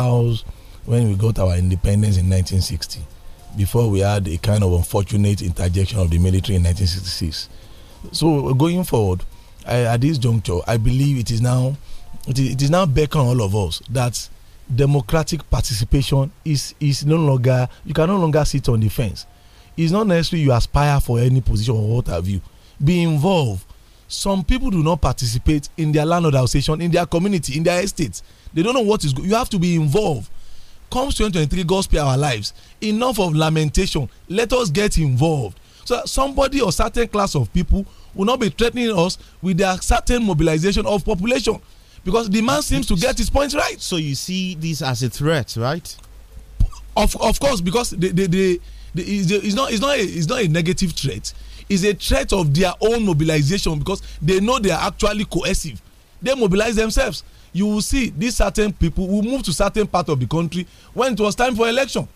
house when we got our independence in 1960 before we had a kind of unfortunate interjection of the military in 1966 so going forward I, at this juncture i believe it is now it is, it is now beckon all of us that democratic participation is is no longer you can no longer sit on the fence it's not necessary you aspire for any position or what have you be involved some people do not participate in their landlord association in their community in their estate they don't know what is good you have to be involved comes 2023 god spare our lives enough of lamentation let us get involved so somebody or certain class of people will not be threatening us with their certain mobilization of population because the man seems to get his point right. so you see this as a threat right. of of course because the the the, the it's not it's not a, it's not a negative threat is a threat of their own mobilization because they know they are actually coercive they mobilize themselves you will see these certain people who move to certain part of the country when it was time for election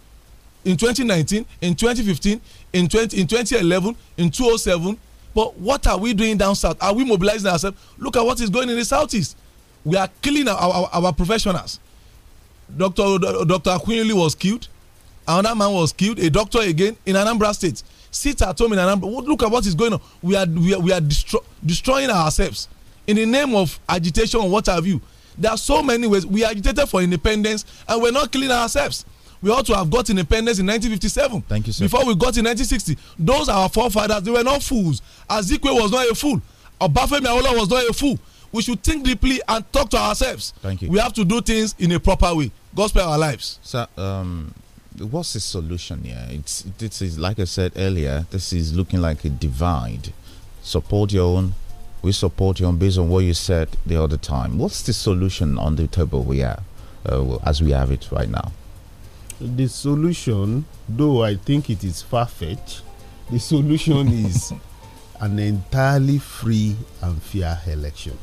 in 2019 in 2015 in 20 in 2011 in 2007 but what are we doing down south are we mobilizing ourselves look at what is going in the southeast we are killing our our, our professionals dr dr akwinili was killed another man was killed a doctor again in anambra state sit at home in Look at what is going on. We are we are, we are destroying ourselves in the name of agitation or what have you. There are so many ways we agitated for independence and we're not killing ourselves. We ought to have got independence in 1957. Thank you, sir. Before we got in 1960, those our forefathers they were not fools. Azikwe was not a fool. Obafemi Awolowo was not a fool. We should think deeply and talk to ourselves. Thank you. We have to do things in a proper way. God spare our lives. Sir, um what's the solution here? It's this is like I said earlier. This is looking like a divide. Support your own. We support your own based on what you said the other time. What's the solution on the table we are, uh, as we have it right now? The solution, though I think it is far fetched, the solution is an entirely free and fair election.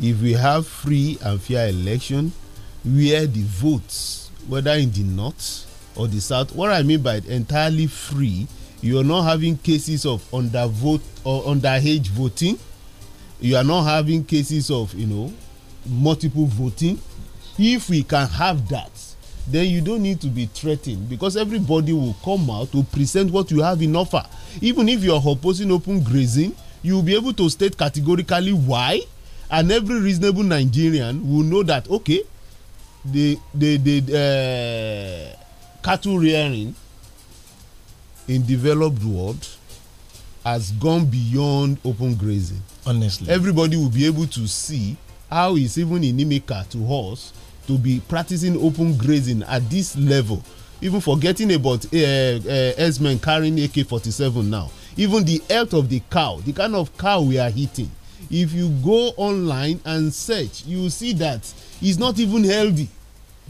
If we have free and fair election, where the votes whether in the north or the south what i mean by entirely free you are not having cases of undervote or underage voting you are not having cases of you know multiple voting if we can have that then you don't need to be threatened because everybody will come out to present what you have in offer even if you are opposing open grazing you will be able to state categorically why and every reasonable nigerian will know that okay the the the uh, cattle rearing in developed world has gone beyond open grazing. honestly everybody will be able to see how it's even inimical to us to be practicing open grazing at this level even forgetting about uh, uh, herdsmen carrying AK-47 now even the health of the cow the kind of cow we are eating if you go online and search you see that is not even healthy.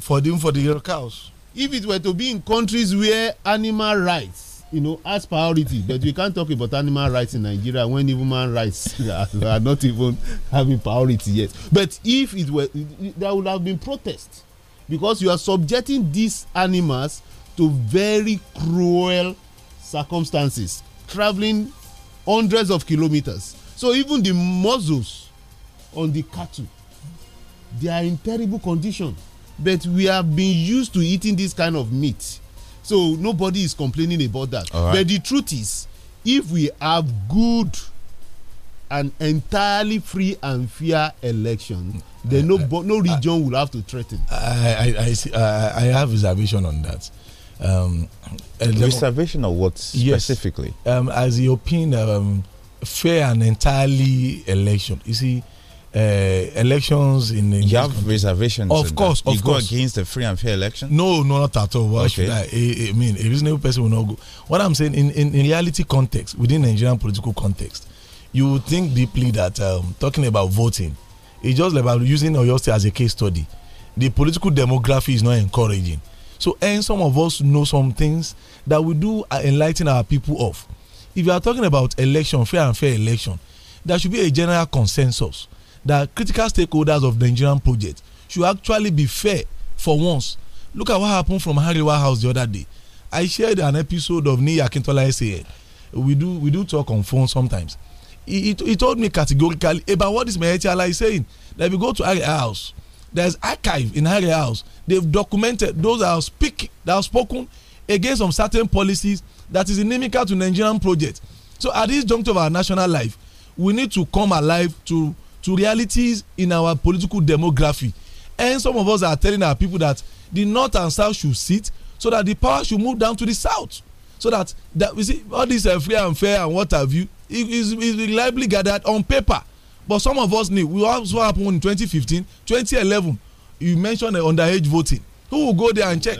For them, for the cows. If it were to be in countries where animal rights, you know, as priority, but we can't talk about animal rights in Nigeria when human rights are, are not even having priority yet. But if it were, there would have been protest because you are subjecting these animals to very cruel circumstances traveling hundreds of kilometers so even the muscles on the cattle they are in terrible condition but we have been used to eating this kind of meat so nobody is complaining about that right. but the truth is if we have good and entirely free and fair election then no I, no region I, will have to threaten. I I I, see, I, I have reservation on that. Um, reservation of what specifically? Yes, um, as European um, fair and entirely election. You see uh, elections in, in you have country. reservations of course that. you go against a free and fair election no no not at all why okay. should I, I, I mean a reasonable person will not go what i'm saying in, in, in reality context within nigerian political context you would think deeply that um, talking about voting it's just about using oyo state as a case study the political demography is not encouraging so and eh, some of us know some things that we do uh, enlighten our people of if you are talking about election fair and fair election there should be a general consensus that critical stakeholders of the Nigerian project should actually be fair for once. Look at what happened from Hariwa House the other day. I shared an episode of Niya Akintola SAN. We do we do talk on phone sometimes. He, he, he told me categorically about what this Mahetiala saying. That if you go to Hariwa House, there's archive in Hariwa House. They've documented those that are speak that are spoken against some certain policies that is inimical to Nigerian project. So at this juncture of our national life, we need to come alive to to realities in our political demography and some of us are telling our people that the north and south should sit so that the power should move down to the south so that that we see all this uh, free and fair and what have you is reliably gathered on paper but some of us need we also happened in 2015 2011 you mentioned the eh, underage voting who will go there and check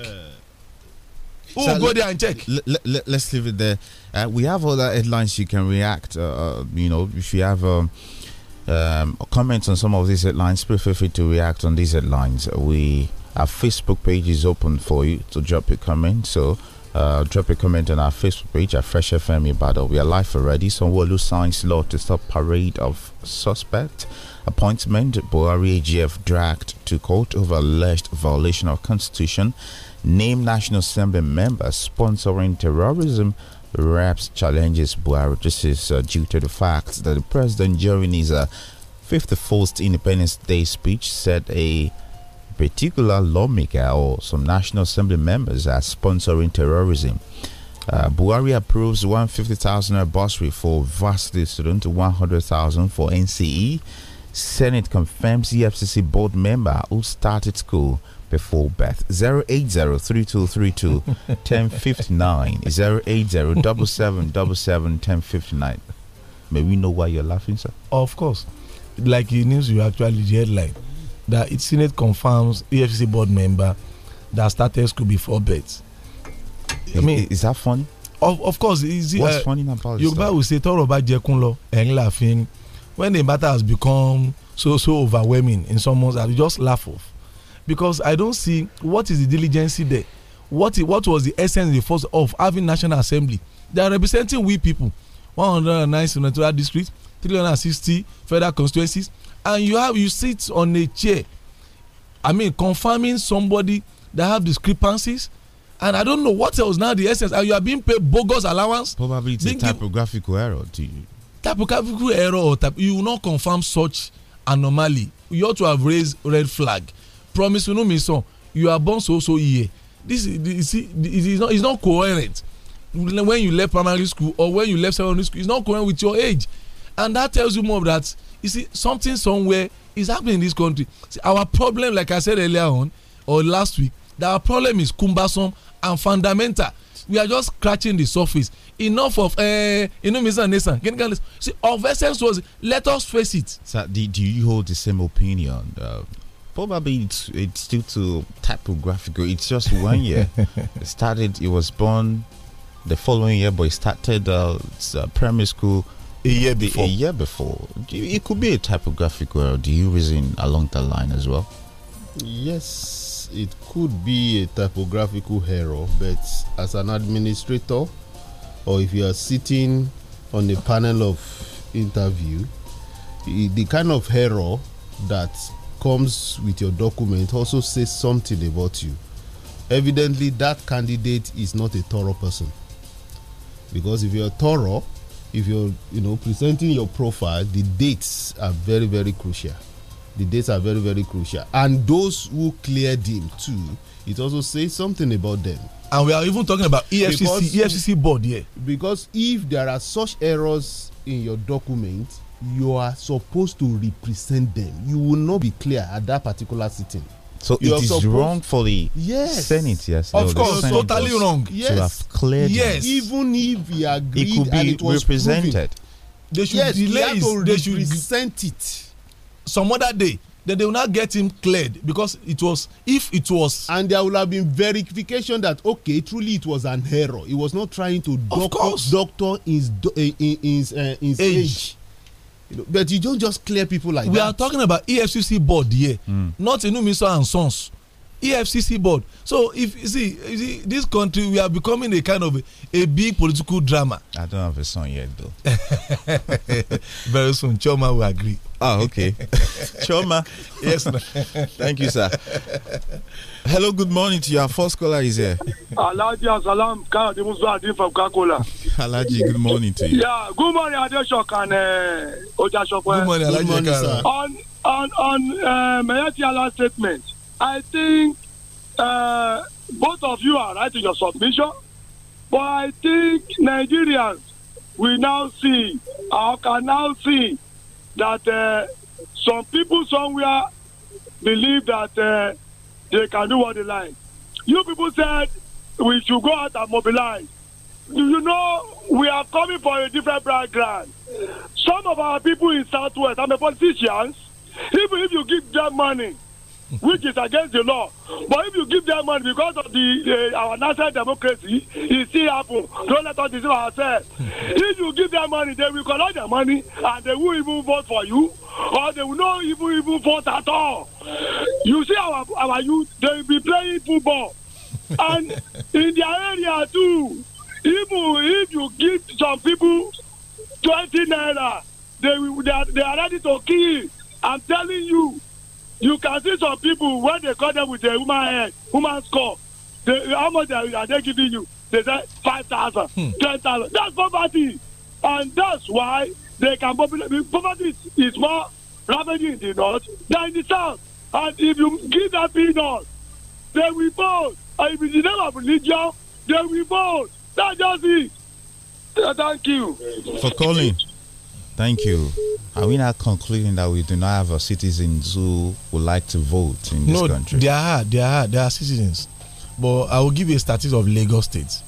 who so will go there and check let, let, us leave it there uh, we have other headlines you can react uh, uh you know if you have um, um, comments on some of these headlines, feel free to react on these headlines. We our Facebook page is open for you to drop a comment. So uh, drop a comment on our Facebook page at Fresh FM Battle. We are live already. Sonwolu signs law to stop parade of suspect. Appointment Buhari AGF dragged to court over alleged violation of constitution. Name National Assembly member sponsoring terrorism Reps challenges Buhari. This is uh, due to the fact that the president, during his uh, 54th Independence Day speech, said a particular lawmaker or some National Assembly members are sponsoring terrorism. Uh, Buhari approves 150,000 bursary for varsity student, 100,000 for NCE. Senate confirms EFCC board member who started school before birth. 080-3232-1059. May we know why you're laughing, sir? Of course. Like the news you actually the headline that its Senate confirms EFC board member that started school before birth. I mean, is, that funny? Of, of course, is it, what's uh, funny about Yoruba will say talk about Jekunlo and laughing when the matter has become so so overwhelming in someone's eyes, you just laugh off because I don't see what is the diligence there. What, is, what was the essence the force of having National Assembly? They are representing we people, 109 senatorial districts, 360 federal constituencies, and you have you sit on a chair. I mean, confirming somebody that have discrepancies and I don't know what else now the essence and you are being paid bogus allowance. Probably it's a typographical error to you. Typographical error or type, you will not confirm such anomaly. You ought to have raised red flag. promise you know me son you are born so so here. this is it is not it's not coherent when you left primary school or when you left secondary school it's not coherent with your age and that tells you more that you see something somewhere is happening in this country see, our problem like i said earlier on or last week that our problem is cumbersome and fundamental we are just scratching the surface enough of eh, eh you know mr nathan see of essence was let us face it sir do, do you hold the same opinion uh, probably it's, it's due to typographical. It's just one year. it started. He was born the following year, but he started uh, uh, primary school a year before. A year before. It could be a typographical error. Do you reason along that line as well? Yes, it could be a typographical error, but as an administrator, or if you are sitting on a panel of interview, the kind of error that comes with your document also says something about you. Evidently, that candidate is not a thorough person. Because if you're thorough, if you're you know presenting your profile, the dates are very very crucial. The dates are very very crucial, and those who cleared him too, it also says something about them. And we are even talking about EFCC EFCC e board yeah. Because if there are such errors in your document you are supposed to represent them. You will not be clear at that particular sitting. So you it is wrong for the yes. Senate, yes. Of no, course, totally wrong. Yes. To have cleared yes. Them. Even if he agreed it could be and it was represented. Proven, they should yes, delay it. They should resent it. Some other day. Then they will not get him cleared because it was if it was and there will have been verification that okay truly it was an error he was not trying to doc doctor, his, uh, his, uh, his age. age you know, but you don't just clear people like we that. We are talking about EFCC board here, mm. not Inumisa and Sons efcc board so if you see, you see this country we are becoming a kind of a, a, big political drama. i don't have a son yet though. very soon choma will agree. ah okay choma yes thank you sir hello good morning to you Your first caller is here. alhaji asalam kan from kakola. Alaji, good morning to you. yeah good morning adesokan uh, good morning alhaji kan. on on on uh, mayati last statement. I think uh, both of you are right in your submission, but I think Nigerians we now see, I can now see that uh, some people somewhere believe that uh, they can do what they like. You people said we should go out and mobilize. You know, we are coming from a different background. Some of our people in Southwest, I'm a politician, even if you give them money, which is against the law. But if you give them money because of the uh, our national democracy, it still happen. Don't let us deceive ourselves. if you give them money, they will collect their money and they will even vote for you, or they will not even even vote at all. You see our our youth, they will be playing football, and in their area too. Even if you give some people twenty naira, they will they are, they are ready to kill. I'm telling you you can see some people when they call them with a woman, head human score they, how much are, are they giving you they say five thousand hmm. ten thousand that's poverty and that's why they can populate poverty is more ravaging in the north than in the south and if you give that peanut they will vote and if it's the name of religion they will vote that's just it thank you for calling Thank you. Are we not concluding that we do not have a citizens who would like to vote in this no, country? There are, there are, there are citizens. But I will give you a statistic of Lagos State.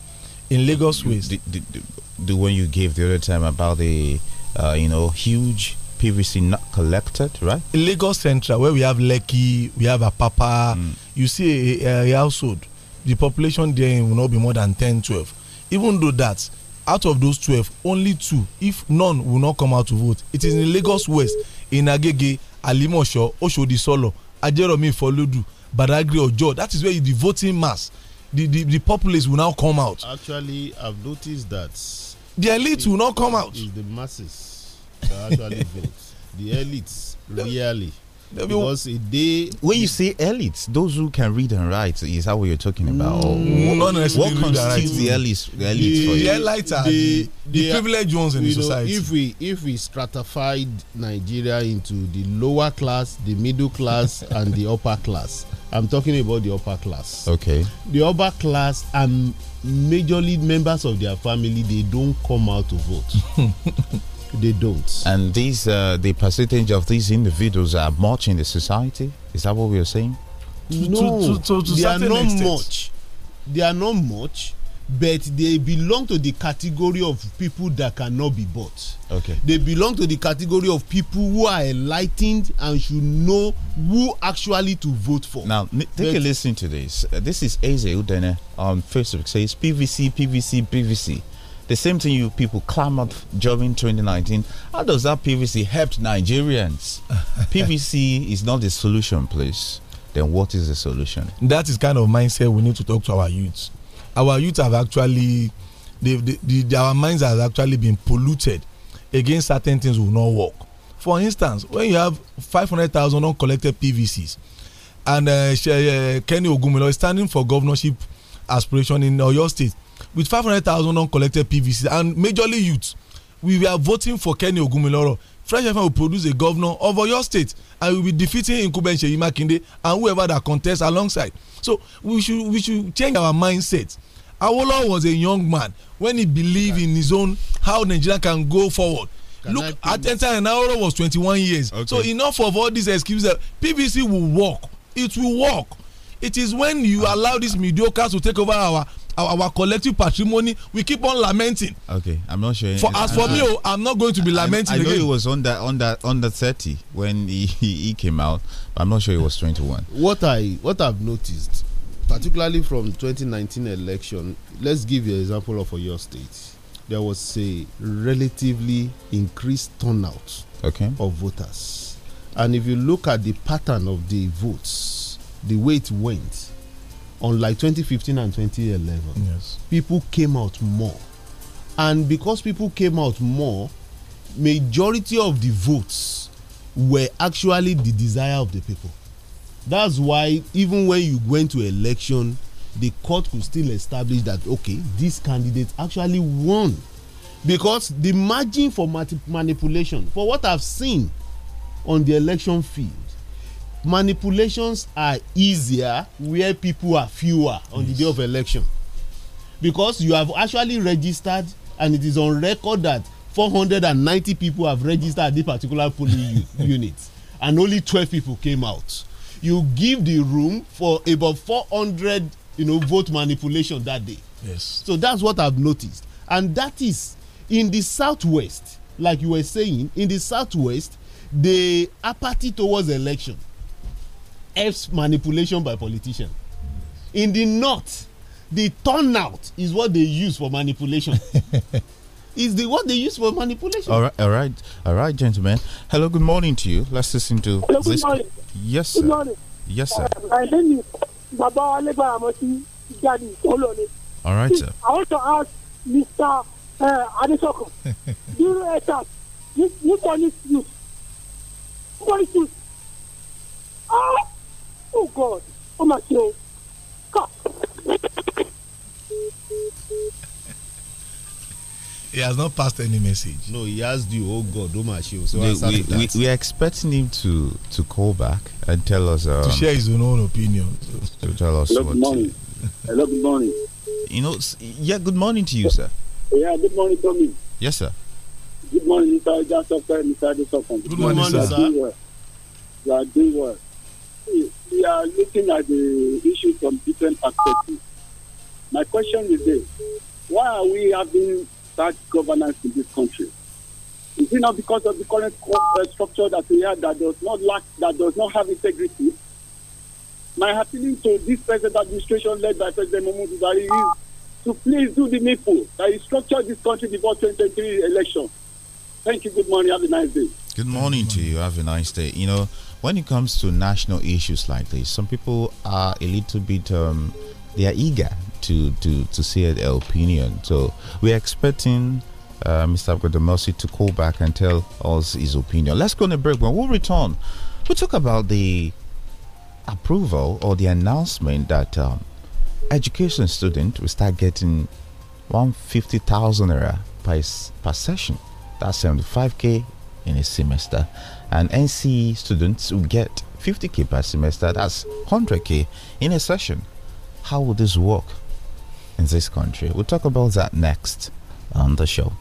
In Lagos, the, the, the, the one you gave the other time about the, uh, you know, huge PVC not collected, right? In Lagos Central, where we have Lekki, we have Apapa, mm. you see a, a, household, the population there will not be more than 10, 12. Even though that, out of those twelve only two if none will not come out to vote it is in Lagos West in Agege Alimosho Oshodi Solo Ajeromi Ifolodu Badagry Ojo that is where the voting mass the the the populace will now come out. actually i have noticed that. the elite will not come out. It is the masses that actually vote the elites really because they when you say elites, those who can read and write is that what you're talking about? Mm. What, Honestly, what constitutes the elites? The elites for you? The are the, the, privileged ones in the society. if we if we stratified Nigeria into the lower class, the middle class, and the upper class, I'm talking about the upper class. Okay. The upper class and majorly members of their family, they don't come out to vote. They don't. And these, uh, the percentage of these individuals are much in the society. Is that what we are saying? No, to, to, to, they are not extent. much. They are not much, but they belong to the category of people that cannot be bought. Okay. They belong to the category of people who are enlightened and should know who actually to vote for. Now, take but, a listen to this. Uh, this is Eze Udene on Facebook. Says PVC, PVC, PVC the same thing you people clamored during 2019. How does that PVC help Nigerians? PVC is not the solution, please. Then what is the solution? That is kind of mindset we need to talk to our youths. Our youth have actually, they, they, they, our minds have actually been polluted against certain things will not work. For instance, when you have 500,000 uncollected PVCs and uh, uh Kenny Ogumilo is standing for governorship aspiration in Oyo State with five hundred thousand uncollected PVC and majorly youth we were voting for Kenny Ogumiloro Fresh FM will produce a governor of Oyo State and will be defeating incumbent Seyi Makinde and whoever that contest alongside so we should we should change our mindset Awolowo was a young man when he believed okay. in his own how Nigeria can go forward can look at that time was twenty-one years okay. so enough of all these excuses PVC will work it will work it is when you ah. allow these mediocres to take over our our, our, collective patrimony we keep on lamenting. okay i'm not sure. for as for me uh-huh. o oh, i'm not going to be lamenting I, again. i know he was under under under thirty when he, he came out i'm not sure he was twenty-one. what i what i've noticed particularly from 2019 election let's give you an example of your state there was a relatively increased turnout okay. of voters and if you look at the pattern of the votes the way it went unlike 2015 and 2011, yes. people came out more. And because people came out more, majority of the votes were actually the desire of the people. That's why even when you went to election, the court could still establish that okay, this candidate actually won. Because the margin for manipulation, for what I've seen on the election field, manipulations are easier where people are fewer on yes. the day of election because you have actually registered and it is on record that four hundred and ninety people have registered at this particular polling unit and only twelve people came out you give the room for about four hundred you know vote manipulation that day yes so that's what i've noticed and that is in the southwest like you were saying in the southwest the apathy towards election helps manipulation by politicians. In the north, the turnout is what they use for manipulation. is the what they use for manipulation. All right, all right, all right, gentlemen. Hello, good morning to you. Let's listen to Hello, this. morning. Yes, sir. Good morning. Yes, sir. Uh, my name is Babawale Baramoti Daddy Olone. All right, sir. I want to ask Mr. Uh, Adesoko. you attack? You this? police you. Police you. Oh God, Oh my God! He has not passed any message. No, he asked you, oh God, oh my God! So we, we, we, we, are expecting him to to call back and tell us. Um, to share his own opinion. to tell us Hello, what. Good morning. Hello, good morning. You know, yeah, good morning to you, sir. Yeah, good morning, Tommy. Yes, sir. Good morning, Mr. Good morning, Good morning, sir. You are doing well. You are doing well we are looking at the issue from different perspectives. My question is this why are we having bad governance in this country? Is it not because of the current uh, structure that we have that does not lack, that does not have integrity? My appealing to this present administration led by President Mahmoud Buhari is to please do the needful that is structured this country before 2023 election. Thank you. Good morning. Have a nice day. Good morning to you. Have a nice day. You know, when it comes to national issues like this, some people are a little bit um, they are eager to to to see their opinion. So we're expecting uh, Mr. Abgodomercy to call back and tell us his opinion. Let's go on a break. When we return, we'll talk about the approval or the announcement that um, education students will start getting 150,000 naira per, per session. That's 75k in a semester and NC students who get 50k per semester, that's 100k in a session. How will this work in this country? We'll talk about that next on the show.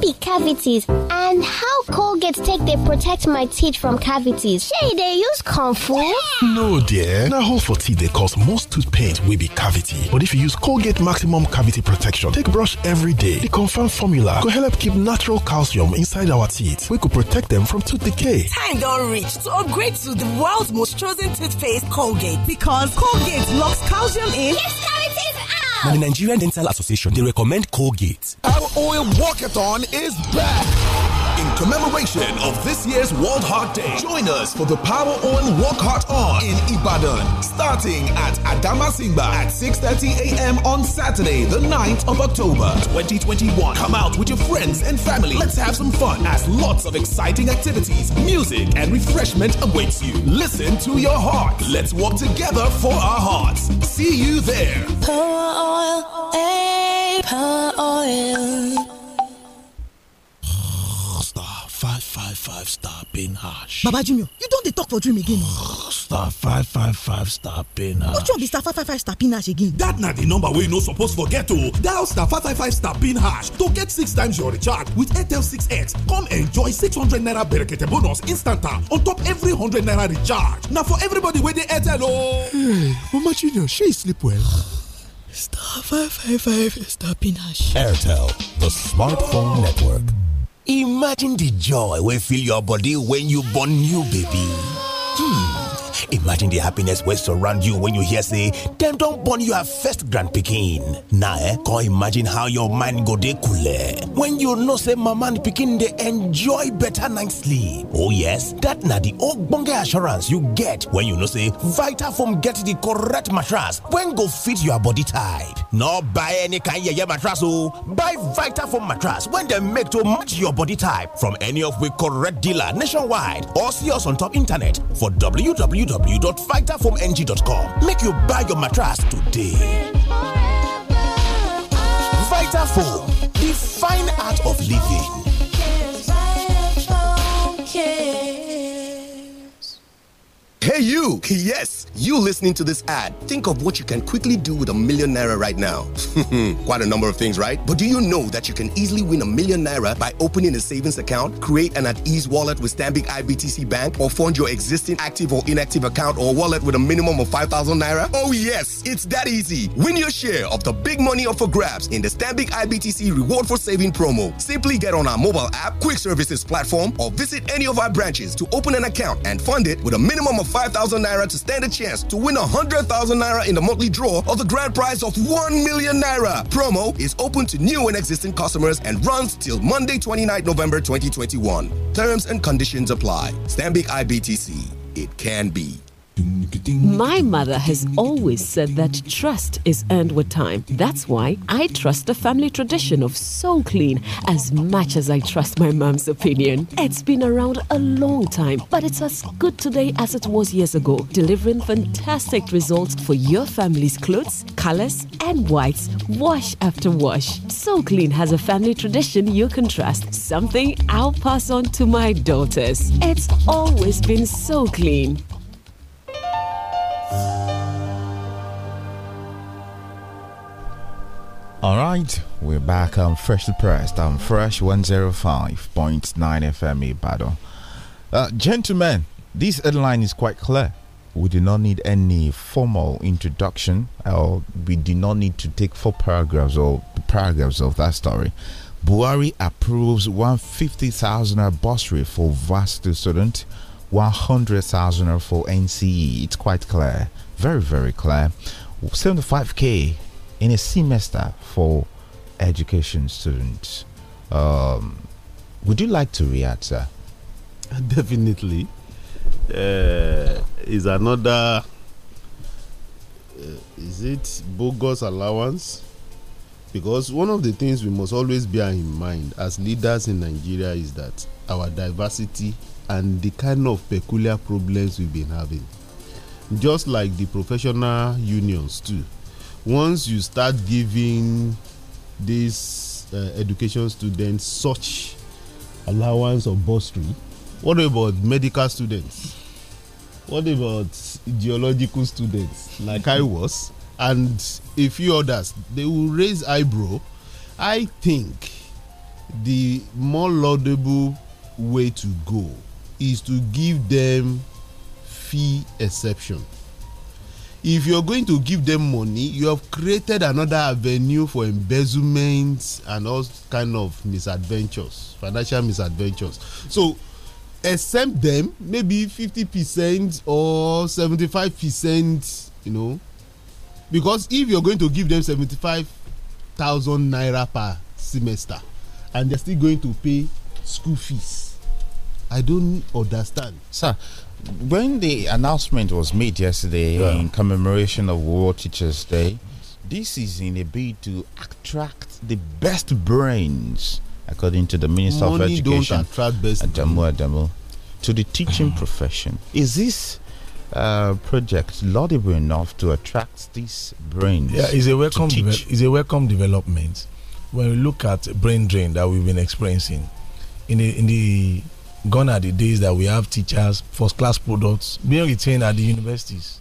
be cavities and how colgate take they protect my teeth from cavities Say they use comfort? no dear na hold for teeth they cause most tooth pain will be cavity but if you use colgate maximum cavity protection take brush every day the confirmed formula go help keep natural calcium inside our teeth We could protect them from tooth decay time don't reach to upgrade to the world's most chosen toothpaste colgate because colgate locks calcium in yes cavities out! Now the nigerian dental association they recommend colgate Oil Walkathon is back. In commemoration of this year's World Heart Day, join us for the Power Oil Walk Heart On in Ibadan, starting at Adamasimba at 6:30 a.m. on Saturday, the 9th of October, 2021. Come out with your friends and family. Let's have some fun as lots of exciting activities, music, and refreshment awaits you. Listen to your heart. Let's walk together for our hearts. See you there. Power Oil. Hey. paper star five five five star pin hash. baba Junior, you don't dey talk for dream again star five five five star pin hash. which one be star five five five star pin hash again. That na the number wey you no suppose forget o oh. dial star five five five star pin hash to get six times your recharge with airtel 6x come enjoy six hundred naira berekete bonus instant ah, on top every hundred naira recharge na for everybody wey dey airtel o. Oh. hey hmm, mama junior she sleep well. Star 555 is tapping hash. Airtel, the smartphone network. Imagine the joy will fill your body when you born new baby. Hmm. Imagine the happiness wey surround you when you hear say dem don born your first grand picking. Now eh, come imagine how your mind go dey coole when you know say mama and picking they enjoy better nights sleep. Oh yes, that na the old ogbonge assurance you get when you know say Vitafoam get the correct mattress when go fit your body type. Not buy any kind yeye mattress oh, buy Vitafoam mattress when they make to match your body type from any of we correct dealer nationwide or see us on top internet for www www.vitafoamng.com. Make you buy your mattress today. Vitafoam, the fine art of living. Hey, you! Yes, you listening to this ad. Think of what you can quickly do with a million naira right now. Quite a number of things, right? But do you know that you can easily win a million naira by opening a savings account, create an at ease wallet with Stambik IBTC Bank, or fund your existing active or inactive account or wallet with a minimum of 5,000 naira? Oh, yes, it's that easy. Win your share of the big money up for grabs in the Stambik IBTC Reward for Saving promo. Simply get on our mobile app, quick services platform, or visit any of our branches to open an account and fund it with a minimum of 5,000 5,000 naira to stand a chance to win 100,000 naira in the monthly draw of the grand prize of 1 million naira. Promo is open to new and existing customers and runs till Monday, 29 November 2021. Terms and conditions apply. big, IBTC. It can be. My mother has always said that trust is earned with time. That's why I trust the family tradition of Soul Clean as much as I trust my mom's opinion. It's been around a long time, but it's as good today as it was years ago, delivering fantastic results for your family's clothes, colors, and whites, wash after wash. Soul Clean has a family tradition you can trust, something I'll pass on to my daughters. It's always been so clean. All right, we're back. I'm freshly pressed. I'm fresh 105.9 FM battle. Uh, gentlemen, this headline is quite clear. We do not need any formal introduction, or we do not need to take four paragraphs or paragraphs of that story. Buhari approves 150,000 bursary for varsity student 100,000 for NCE. It's quite clear, very, very clear. 75k in a semester for education students. Um, would you like to react, sir? Definitely. Uh, is another, uh, is it bogus allowance? Because one of the things we must always bear in mind as leaders in Nigeria is that our diversity and the kind of peculiar problems we've been having. Just like the professional unions, too. Once you start giving these uh, education students such allowance or bursary, what about medical students? What about geological students like I was? And a few others, they will raise eyebrow. I think the more laudable way to go is to give them fee exception. If you're going to give them money, you have created another avenue for embezzlement and all kind of misadventures, financial misadventures. So exempt them maybe fifty percent or seventy-five percent you know because if you're going to give them seventy-five thousand naira per semester and they're still going to pay school fees I don't understand. Sir, when the announcement was made yesterday yeah. in commemoration of World Teachers Day, this is in a bid to attract the best brains, according to the Minister Money of Education, don't attract best Adamu Adamu, to the teaching mm. profession. Is this uh, project laudable enough to attract these brains? Yeah, it's a welcome. It's a welcome development. When we look at brain drain that we've been experiencing in the in the gone are the days that we have teachers, first class products being retained at the universities.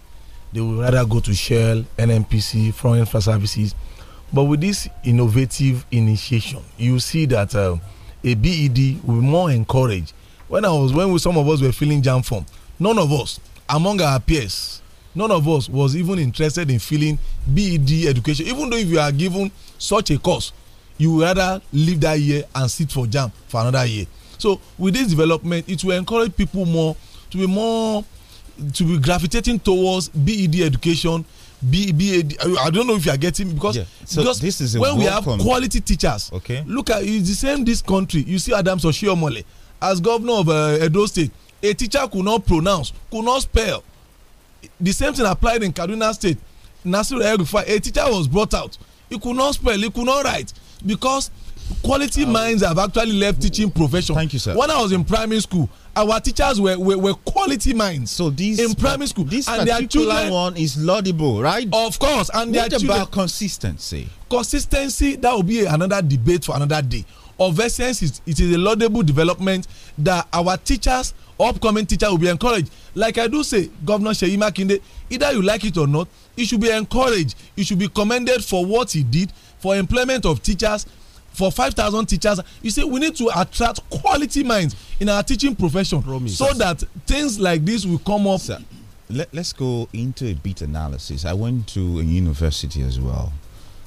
They would rather go to Shell, NMPC, Foreign Infra Services. But with this innovative initiation, you see that uh, a BED will be more encouraged. When I was, when we, some of us were filling jam form, none of us, among our peers, none of us was even interested in filling BED education. Even though if you are given such a course, you would rather leave that year and sit for jam for another year So with this development, it will encourage people more to be more to be gravitating towards BED education. B, e I don't know if you are getting because yeah. so because this is when we have quality teachers. Okay. Look at it's the same this country. You see Adams Oshiomhole as governor of uh, Edo State, a teacher could not pronounce, could not spell. The same thing applied in Kaduna State. Nasiru Erufai, a teacher was brought out. He could not spell, he could not write because quality minds have actually left mm. teaching profession. Thank you, sir. When I was in primary school, our teachers were were, were quality minds. So this in primary school, this and particular their children, one is laudable, right? Of course, and what their children, about consistency? Consistency that will be another debate for another day. Of essence, it, it is a laudable development that our teachers, upcoming teachers, will be encouraged. Like I do say, Governor Sheyi Makinde, either you like it or not, he should be encouraged. He should be commended for what he did for employment of teachers for five thousand teachers you see we need to attract quality minds in our teaching profession Promise. so that things like this will come up. Sir, let, us go into a bit analysis. I went to a university as well.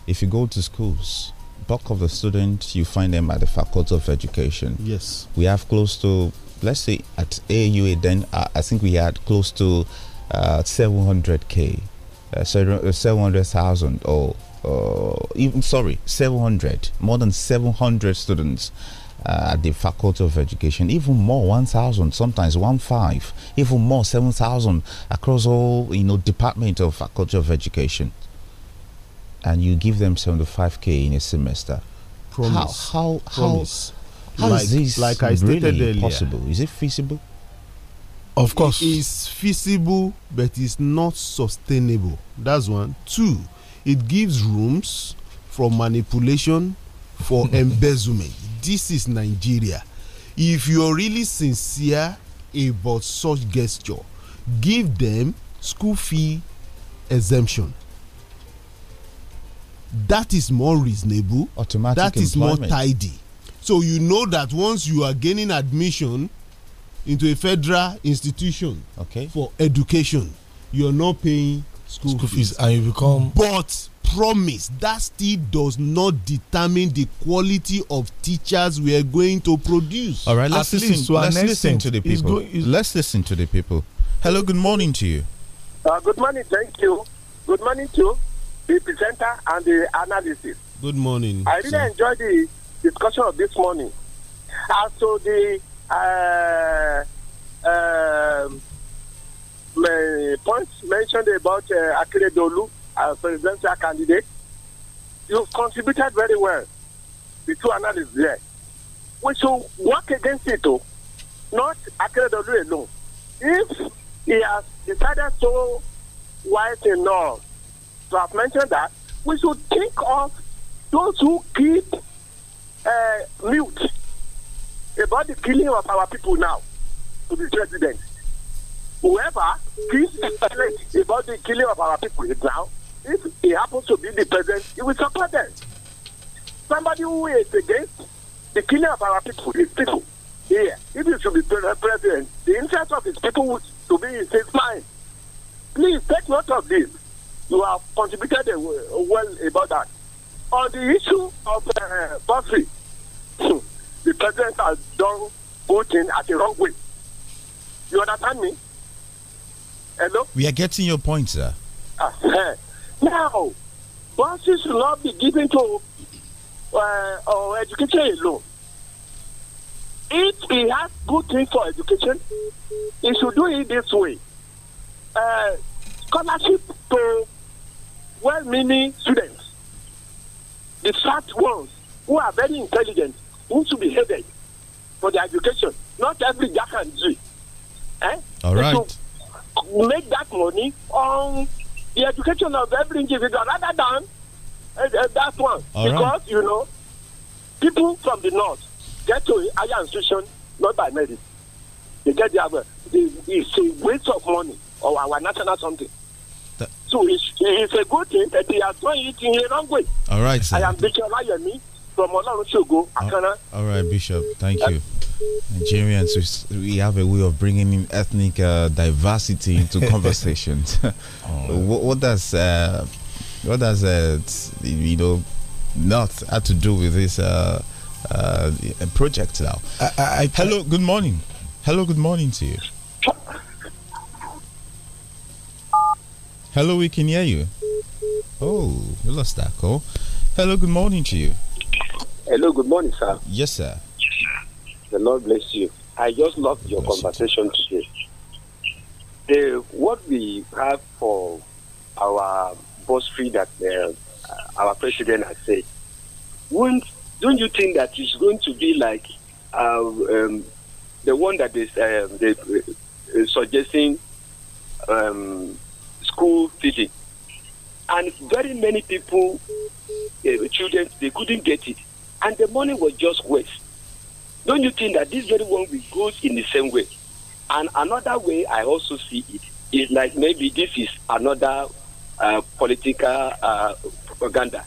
If you go to schools, bulk of the students you find them at the faculty of education. Yes, we have close to let's say at AUA then uh, I think we had close to uh, 700k, uh, 700,000 uh, or uh, even sorry, 700, more than 700 students uh, at the Faculty of Education, even more 1,000, sometimes 1,500, even more 7,000 across all you know department of Faculty of Education, and you give them 75k in a semester. Promise. How how Promise. how, how like, is this like I really stated earlier. possible? Is it feasible? Of course, it is feasible, but it's not sustainable. That's one. Two it gives rooms for manipulation, for embezzlement. This is Nigeria. If you are really sincere about such gesture, give them school fee exemption. That is more reasonable. Automatic that is employment. more tidy. So you know that once you are gaining admission into a federal institution okay. for education, you are not paying school, school fees, fees and you become. But promise that still does not determine the quality of teachers we are going to produce. All right, let's listen. to let's listen to the people. let's listen to the people. Hello, good morning to you. Uh, good morning, thank you. Good morning to the presenter and the analysis. Good morning. I really sir. enjoyed the discussion of this morning. As to the uh, uh, my points mentioned about uh, eh, Akire as presidential candidate, you've contributed very well. The two analysts there. We should work against it, though, not Akire Dolu alone. If he has decided so wise enough to have mentioned that, we should think of those who keep uh, mute about the killing of our people now to the president whoever feels passionate about the killing of our people now, if he happens to be the president, he will support them. Somebody who is against the killing of our people, is people, here, if he should be president, the interest of his people would to be in his mind. Please take note of this. You have contributed well about that. On the issue of uh, the president has done voting at the wrong way. You understand me? Hello? We are getting your point, sir. Uh, now, buses should not be given to uh, education alone. If he has good things for education, he should do it this way. Uh, scholarship to well-meaning students, the smart ones who are very intelligent, who should be headed for their education, not every jack and G. Eh? All right make that money on the education of every individual rather than uh, that one. All because, right. you know, people from the north get to higher institution not by merit. They get their, uh, it's a waste of money or our national something. That. So it's, it's a good thing that they are doing it in a wrong way. All right. Sir. I am Bichola me from Ọlọ́run Ṣògo, Akana. All right, Bishop, thank you. Nigerians, we have a way of bringing in ethnic uh, diversity into conversations. oh. what, what, does uh, what does uh, you know not have to do with this uh, uh project now? I, I, Hello, good morning. Hello, good morning to you. Hello, we can hear you. Oh, we lost that call. Hello, good morning to you. Hello, good morning, sir. Yes, sir. The Lord bless you. I just loved your conversation today. The, what we have for our boss free that uh, our president has said, won't, don't you think that it's going to be like uh, um, the one that is um, the, uh, suggesting um, school teaching? and very many people, uh, children, they couldn't get it, and the money was just waste. Don't you think that this very one will go in the same way? And another way I also see it is like maybe this is another uh, political uh, propaganda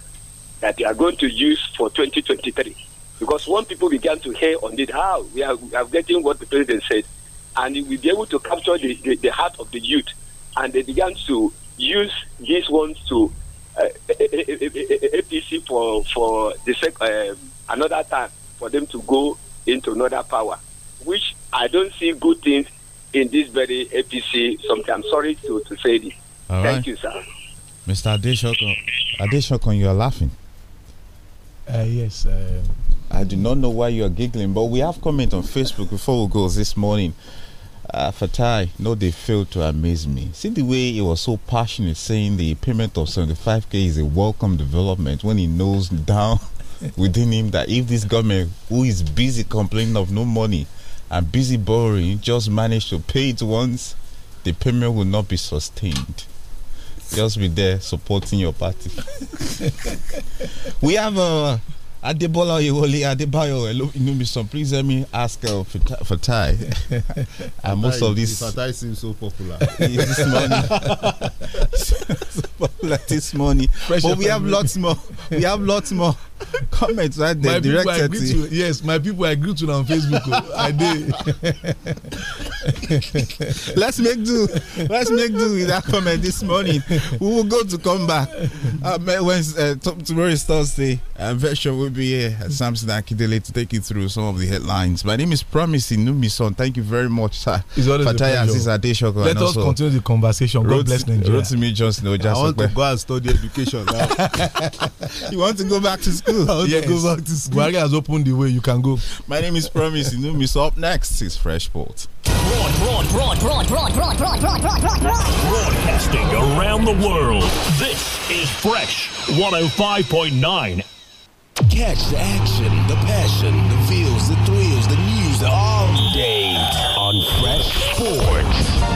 that they are going to use for 2023. Because when people began to hear on it, how we are, we are getting what the president said, and we'll be able to capture the, the, the heart of the youth, and they began to use these ones to uh, APC for for the sec, um, another time for them to go into another power, which I don't see good things in this very APC. Sometimes, sorry to, to say this. All Thank right. you, sir. Mr. Adeshokon, Adeshokon, you are laughing. Uh, yes. Uh, I do not know why you are giggling, but we have comment on Facebook before we go this morning uh, Fatai, no, they failed to amaze me. See the way he was so passionate saying the payment of 75k is a welcome development when he knows down within him that if this government, who is busy complaining of no money and busy borrowing, just managed to pay it once, the payment will not be sustained. Just be there supporting your party. we have a. Uh, Adebola Oyewole Adebayo please surprise me ask uh, Thai. and most of these Fatai seems so popular. this morning, so popular this morning. Pressure but we have lots more. We have lots more comment right there direct at you yes my people i greet you on facebook oh. i did let's make do let's make do with that comment this morning we will go to come back uh, Wednesday, uh, tomorrow is thursday i'm very sure we'll be here at samson akidele to take you through some of the headlines my name is promising numison thank you very much sir it's always Fataya a pleasure. let us continue the conversation god Road, bless nigeria Road to me, Johnson, i want to go and study education now you want to go back to school school. I want yes. to go back to school. Buhari has opened the way. You can go. My name is Promise You Inumi. So up next is Freshport. Broadcasting around the world. This is Fresh 105.9. Catch the action, the passion, the feels, the thrills, the news all day on Fresh Sports.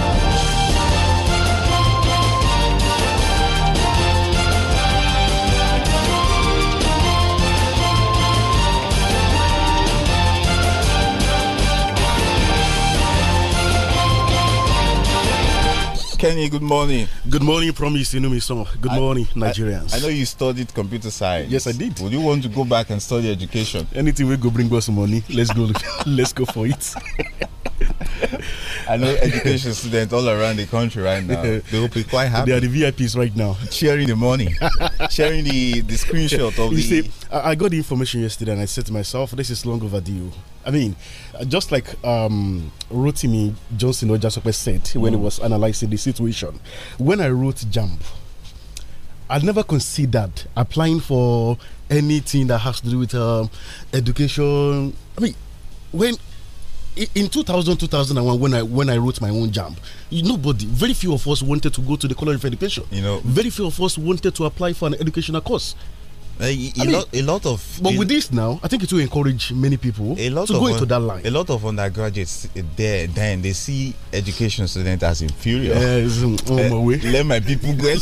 Kenny, good morning. Good morning, Promise Inumisom. Good I, morning, Nigerians. I, I, know you studied computer science. Yes, I did. Would you want to go back and study education? Anything we go bring us money. Let's go. let's go for it. I know education students all around the country right now. They will be quite happy. They are the VIPs right now. Sharing the money, sharing the, the screenshot of you the. See, I got the information yesterday and I said to myself, this is long overdue. I mean, just like um, Rotimi Johnson Ojasope said mm. when he mm. was analyzing the situation, when I wrote Jump, I never considered applying for anything that has to do with um, education. I mean, when in 2000, 2001, when I when I wrote my own jump, nobody, very few of us wanted to go to the College of Education. You know, very few of us wanted to apply for an educational course. Uh, a, I mean, lot, a lot of. But with this now, I think it will encourage many people a lot to of go into that line. A lot of undergraduates eh, there, then they see education student as inferior. Yes, mm, eh, oh my way. Let my people go.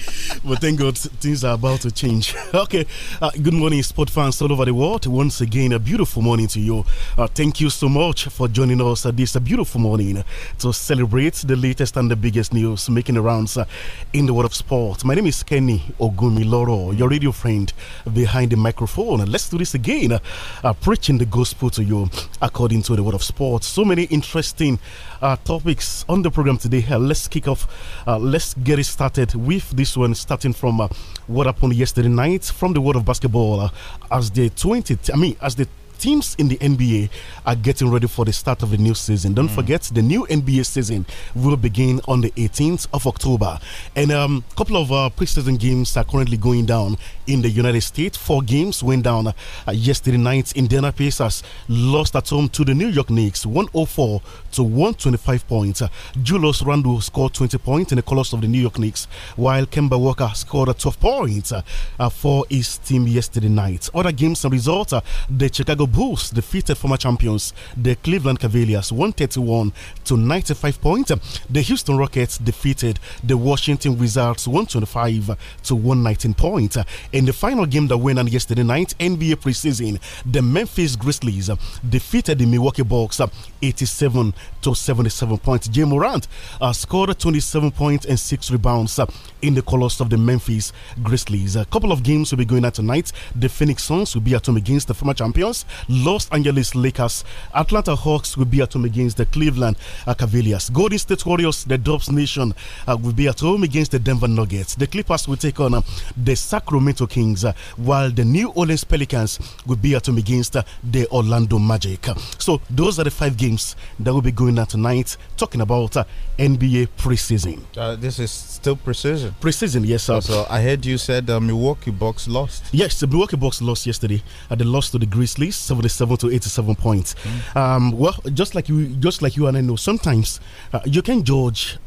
but thank God things are about to change. okay, uh, good morning, sport fans all over the world. Once again, a beautiful morning to you. Uh, thank you so much for joining us uh, this beautiful morning to celebrate the latest and the biggest news making the rounds uh, in the world of sport. My name is Kenny Ogumiloro, your radio friend behind the microphone. Let's do this again, uh, preaching the gospel to you according to the world of sport. So many interesting uh, topics on the program today. let's kick off. let's get it started with this one starting from uh, what happened yesterday night from the world of basketball uh, as the 20, I mean, as the teams in the NBA are getting ready for the start of the new season. Don't mm. forget, the new NBA season will begin on the 18th of October. And a um, couple of uh, preseason games are currently going down in the United States. Four games went down uh, yesterday night. Indiana Pacers lost at home to the New York Knicks 104 to 125 points. Uh, Julius Randle scored 20 points in the colors of the New York Knicks, while Kemba Walker scored a 12 points uh, for his team yesterday night. Other games and results uh, the Chicago Bulls defeated former champions, the Cleveland Cavaliers, 131 to 95 points. The Houston Rockets defeated the Washington Wizards, 125 to 119 points. In the final game that went on yesterday night, NBA preseason, the Memphis Grizzlies defeated the Milwaukee Bucks, 87 to 77 points. Jay Morant uh, scored 27 points and six rebounds uh, in the colors of the Memphis Grizzlies. A couple of games will be going on tonight. The Phoenix Suns will be at home against the former champions, Los Angeles Lakers, Atlanta Hawks will be at home against the Cleveland Cavaliers, Golden State Warriors, the Dubs Nation uh, will be at home against the Denver Nuggets. The Clippers will take on uh, the Sacramento Kings, uh, while the New Orleans Pelicans will be at home against the Orlando Magic. So those are the five games that will be going on tonight. Talking about NBA preseason. Uh, this is still preseason. Preseason, yes, sir. So I heard you said the Milwaukee Bucks lost. Yes, the Milwaukee Bucks lost yesterday. Uh, they lost to the Grizzlies. 77 to 87 points. Um, well, just like you, just like you and I know, sometimes uh, you can judge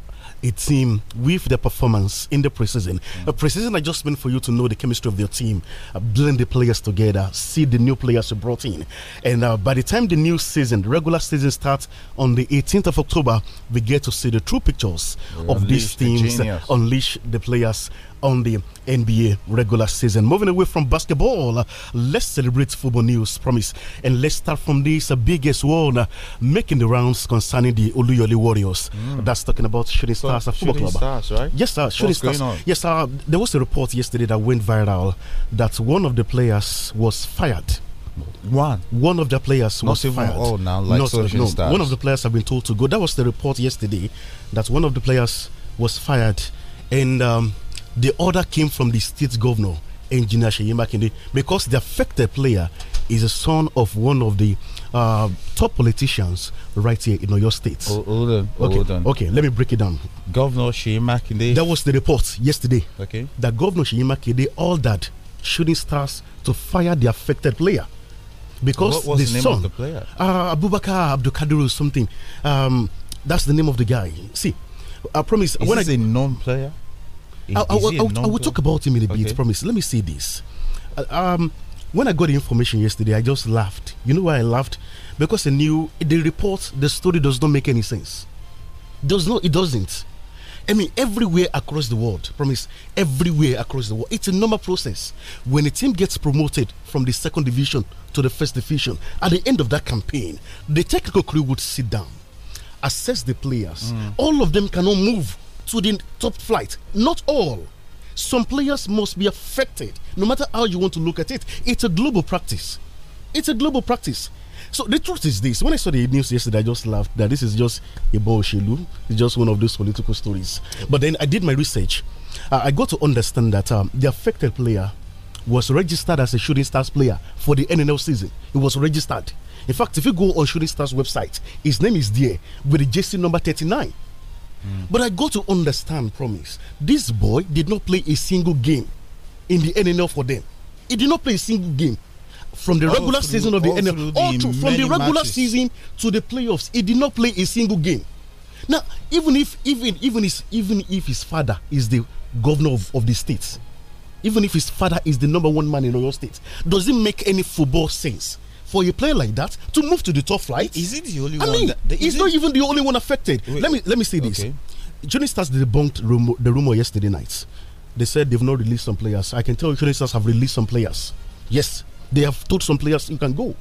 a team with their performance in the preseason. A preseason adjustment for you to know the chemistry of your team, uh, blend the players together, see the new players you brought in. And uh, by the time the new season, the regular season starts on the 18th of October, we get to see the true pictures we of these teams, the unleash the players on the NBA regular season. Moving away from basketball, uh, let's celebrate football news, promise. And let's start from this uh, biggest one uh, making the rounds concerning the Oluyole Warriors. Mm. That's talking about Shooting Stars so, Football shooting Club. Stars, right? Yes, sir. Shooting What's Stars. Yes, sir. There was a report yesterday that went viral that one of the players was fired. One. One of the players Not was fired. Oh, now like Not, no, stars. One of the players have been told to go. That was the report yesterday that one of the players was fired, and. Um, the order came from the state governor, Engineer Sheyima Kinde, because the affected player is a son of one of the uh, top politicians right here in your State. Oh, hold on, oh, okay, on. okay, let me break it down. Governor Sheyima Kinde. That was the report yesterday. Okay. That Governor Sheyima Kinde ordered shooting stars to fire the affected player because what the, the son, the player? Uh, Abubakar Abdulkadir or something. Um, that's the name of the guy. See, I promise. Is when this I, a non player? I, will talk about him in a okay. bit. Promise. Let me say this. Uh, um, when I got the information yesterday, I just laughed. You know why I laughed? Because I knew the report, the story does not make any sense. Does not. It doesn't. I mean, everywhere across the world, promise, everywhere across the world, it's a normal process. When a team gets promoted from the second division to the first division, at the end of that campaign, the technical crew would sit down, assess the players. Mm. All of them cannot move to the top flight. Not all. Some players must be affected, no matter how you want to look at it. It's a global practice. It's a global practice. So the truth is this: when I saw the news yesterday, I just laughed that this is just a bullshit. It's just one of those political stories. But then I did my research. Uh, I got to understand that um, the affected player was registered as a shooting stars player for the NNL season. It was registered. In fact, if you go on Shooting Stars website, his name is there with the JC number 39. Mm. But I got to understand, promise. This boy did not play a single game in the NNL for them. He did not play a single game from the all regular through, season of the NNL, all through, from the regular matches. season to the playoffs. He did not play a single game. Now, even if even even his even if his father is the governor of, of the state, even if his father is the number one man in Oyo State, does it make any football sense for a player like that to move to the top flight. Is it the only I one? Mean, that, he's not even the only one affected. Wait, let me let me say okay. this. Johnny Stars debunked rumor, the rumor yesterday night. They said they've not released some players. I can tell you, Johnny Stars have released some players. Yes, they have told some players you can go.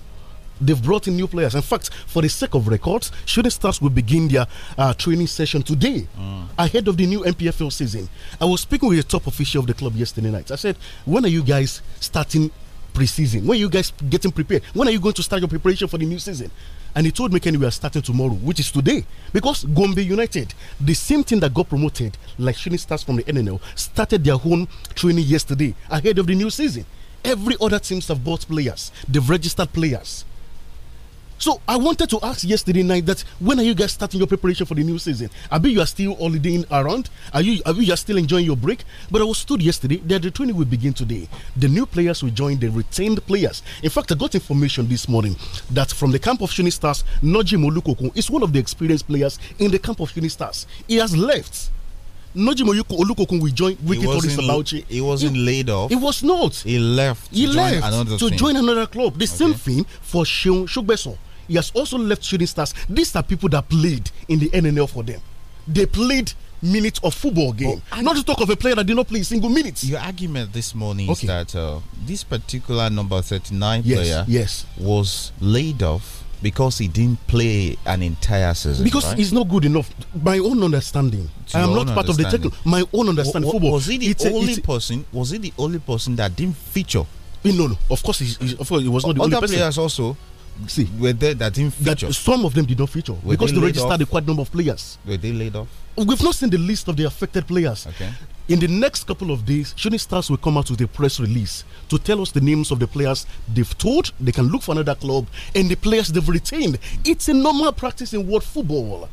They've brought in new players. In fact, for the sake of records, Shooting Stars will begin their uh, training session today mm. ahead of the new MPFL season. I was speaking with the top official of the club yesterday night. I said, When are you guys starting preseason? When you guys getting prepared? When are you going to start your preparation for the new season? And he told me, Kenny, we are starting tomorrow, which is today. Because Gombe United, the same team that got promoted, like Shini stars from the NNL, started their own training yesterday ahead of the new season. Every other teams have bought players, they've registered players so I wanted to ask yesterday night that when are you guys starting your preparation for the new season? I bet you are still holidaying around. Are you? Are you still enjoying your break? But I was told yesterday that the training will begin today. The new players will join the retained players. In fact, I got information this morning that from the camp of Shuni Stars, Noji Molukokun is one of the experienced players in the camp of Shuni Stars. He has left. Nojimo Olukokun will join Ricky Torres Abauchi. He wasn't laid off. He was not. He left. He left to join another club. The okay. same thing for Shion Shugbeson. He has also left shooting stars. These are people that played in the NNL for them. They played minutes of football oh, game. Oh, not to talk of a player that did not play a single minute. Your argument this morning okay. is that uh, this particular number 39 yes, player yes. was laid off because he didn't play an entire season. Because right? he's not good enough. My own understanding. I am not part of the technical. My own understanding. W football. Was he the it's only a, person? Was he the only person that didn't feature? Eh, no, no. Of course, he's, he's, of course, he was not the Other only person. Other players also see were there that didn't feature? That some of them did not feature were because they, they registered a quite number of players. Were they laid off? We've not seen the list of the affected players. Okay. In the next couple of days, Shooting Stars will come out with a press release to tell us the names of the players they've told they can look for another club and the players they've retained. It's a normal practice in world football.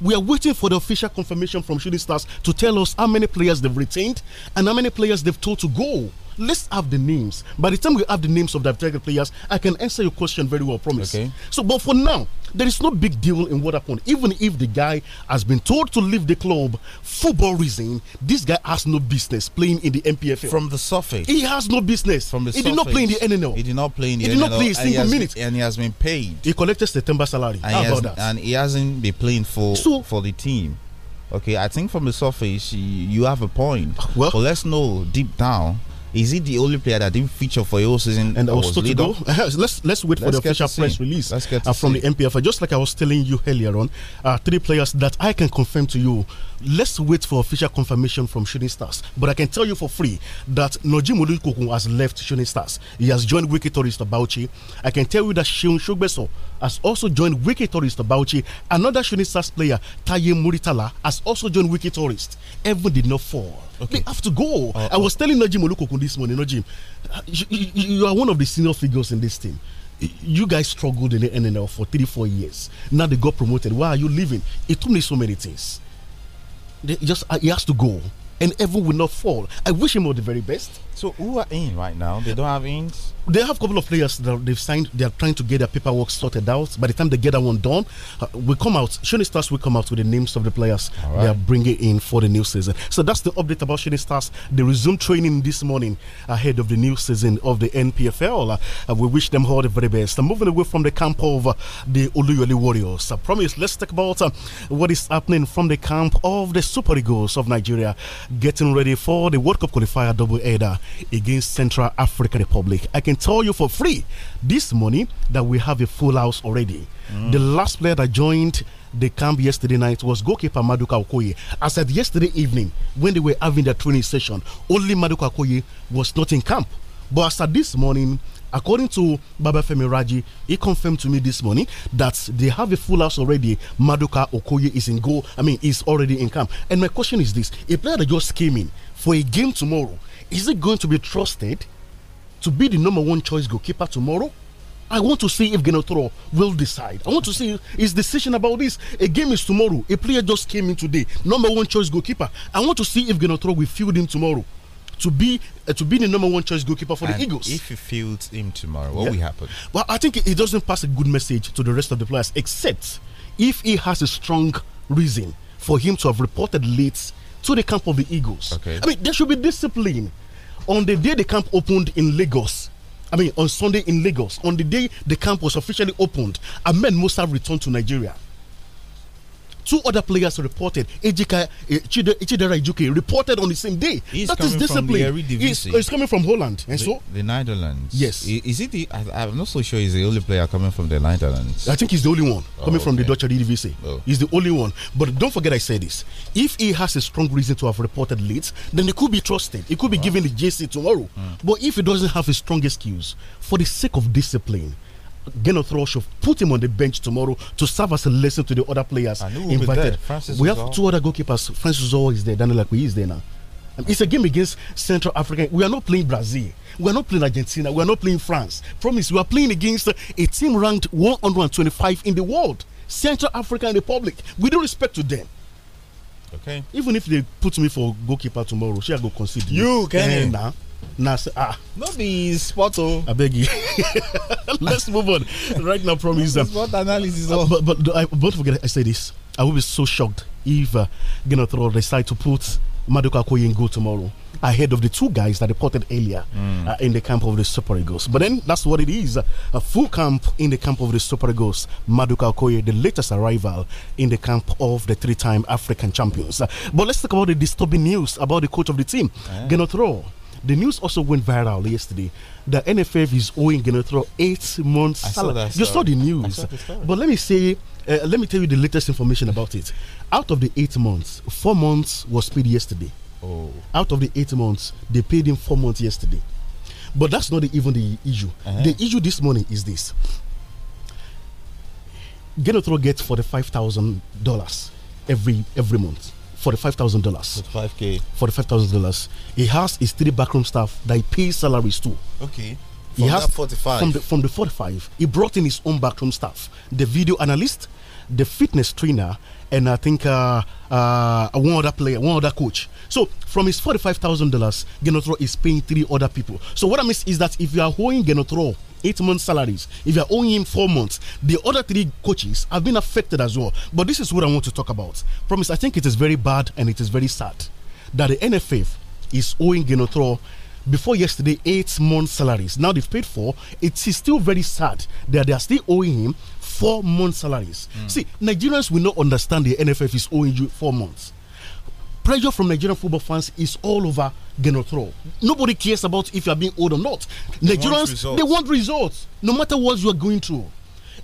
We are waiting for the official confirmation from Shooting Stars to tell us how many players they've retained and how many players they've told to go let's have the names. By the time we have the names of the target players, I can answer your question very well, I promise. Okay. So, but for now, there is no big deal in what happened. Even if the guy has been told to leave the club, football reason, this guy has no business playing in the MPFL. From the surface. He has no business. From the he surface. did not play in the NNL. He did not play in the NNL. He did not play a single minute. and he has been paid. He collected September salary. And How about that? And he hasn't been playing for, so, for the team. Okay, I think from the surface, you have a point. Well, but let's know deep down is he the only player that didn't feature for a whole season? And I was, told, to go. let's let's wait for let's the official press release uh, from see. the MPFA. Just like I was telling you earlier on, uh, three players that I can confirm to you. Let's wait for official confirmation from Shooting Stars. But I can tell you for free that Nojim has left Shooting Stars. He has joined Wiki Tourist Bauchi. I can tell you that Shion Shogbeso has also joined Wiki Tourist Bauchi. Another Shooting Stars player, Taye Muritala, has also joined Wiki Tourist. Evan did not fall. Okay. They have to go. Uh, uh I was uh, telling Najim Olukokun this morning, Najim, you, you are one of the senior figures in this team you guys struggled in the NNL for three, four years. Now they got promoted. Why are you leaving? It took me so many things. They just he has to go, and everyone will not fall. I wish him all the very best. So who are in right now? They don't have ins. They have a couple of players that they've signed. They are trying to get their paperwork sorted out. By the time they get that one done, uh, we come out. Shooting Stars will come out with the names of the players right. they are bringing in for the new season. So that's the update about Shooting Stars. They resumed training this morning ahead of the new season of the NPFL. Uh, we wish them all the very best. Uh, moving away from the camp of uh, the Oluyole Warriors. I promise. Let's talk about uh, what is happening from the camp of the Super Eagles of Nigeria, getting ready for the World Cup qualifier double header against Central African Republic. I can tell you for free this morning that we have a full house already. Mm. The last player that joined the camp yesterday night was goalkeeper Maduka Okoye. I said yesterday evening when they were having their training session, only Maduka Okoye was not in camp. But as at this morning, according to Baba Femi Raji, he confirmed to me this morning that they have a full house already. Maduka Okoye is in goal. I mean, is already in camp. And my question is this: a player that just came in for a game tomorrow is he going to be trusted to be the number one choice goalkeeper tomorrow? I want to see if Genotoro will decide. I want to see his decision about this. A game is tomorrow. A player just came in today, number one choice goalkeeper. I want to see if Genotoro will field him tomorrow to be uh, to be the number one choice goalkeeper for and the Eagles. If he fields him tomorrow, what yeah. will happen? Well, I think it doesn't pass a good message to the rest of the players, except if he has a strong reason for him to have reported late to the camp of the Eagles. Okay. I mean, there should be discipline. On the day the camp opened in Lagos, I mean, on Sunday in Lagos, on the day the camp was officially opened, Ahmed Musa returned to Nigeria. Two other players reported. Ejika eh, Chidera Ijuke reported on the same day. He's that is discipline. He's, oh, he's, coming from Holland, and the, so the Netherlands. Yes, is it the? I, am not so sure. He's the only player coming from the Netherlands. I think he's the only one coming okay. Oh, from the Dutch Eredivisie. Oh. He's the only one. But don't forget, I said this. If he has a strong reason to have reported late, then he could be trusted. He could be wow. given the JC tomorrow. Mm. But if he doesn't have a strong excuse, for the sake of discipline Geno Throw should put him on the bench tomorrow to serve as a lesson to the other players invited. We have two other goalkeepers. Francis Zoho is there, Daniel Akwi is there now. Um, it's a game against Central Africa. We are not playing Brazil. We are not playing Argentina. We are not playing France. Promise, we are playing against a team ranked 125 in the world, Central African Republic. We do respect to them. Okay. Even if they put me for goalkeeper tomorrow, she I go concede. You can. Now, ah, no be spot oh. I beg you. Let's move on. Right now, promise them. Spot analysis. Uh, but but I won't forget. I say this. I will be so shocked if uh, Genotro decide to put Maduka Koye in goal tomorrow ahead of the two guys that reported earlier mm. uh, in the camp of the Super Eagles. But then that's what it is a full camp in the camp of the Super Eagles. Maduka Okoye, the latest arrival in the camp of the three time African champions. Uh, but let's talk about the disturbing news about the coach of the team, yeah. Genotro. The news also went viral yesterday. The NFF is owing Genethro eight months I salary. Saw that you saw the news, saw the but let me say, uh, let me tell you the latest information about it. Out of the eight months, four months was paid yesterday. Oh. Out of the eight months, they paid him four months yesterday. But that's not even the issue. Uh -huh. The issue this morning is this. Genotro gets forty-five thousand dollars every every month. $45,000. dollars 45 k $45,000. He has his three backroom staff that he pays salaries to. Okay. From he has 45. From the, from the 45, he brought in his own backroom staff, the video analyst, the fitness trainer, and I think uh, uh, one other player, one other coach. So from his forty-five thousand dollars, Genotro is paying three other people. So what I mean is that if you are owing Genotro eight months' salaries if you're owing him four months. The other three coaches have been affected as well. But this is what I want to talk about. Promise, I think it is very bad and it is very sad that the NFF is owing Genotro before yesterday eight months' salaries. Now they've paid for. It is still very sad that they are still owing him four months' salaries. Mm. See, Nigerians will not understand the NFF is owing you four months pressure from Nigerian football fans is all over Genotro. Nobody cares about if you are being old or not. They Nigerians, want they want results, no matter what you are going through.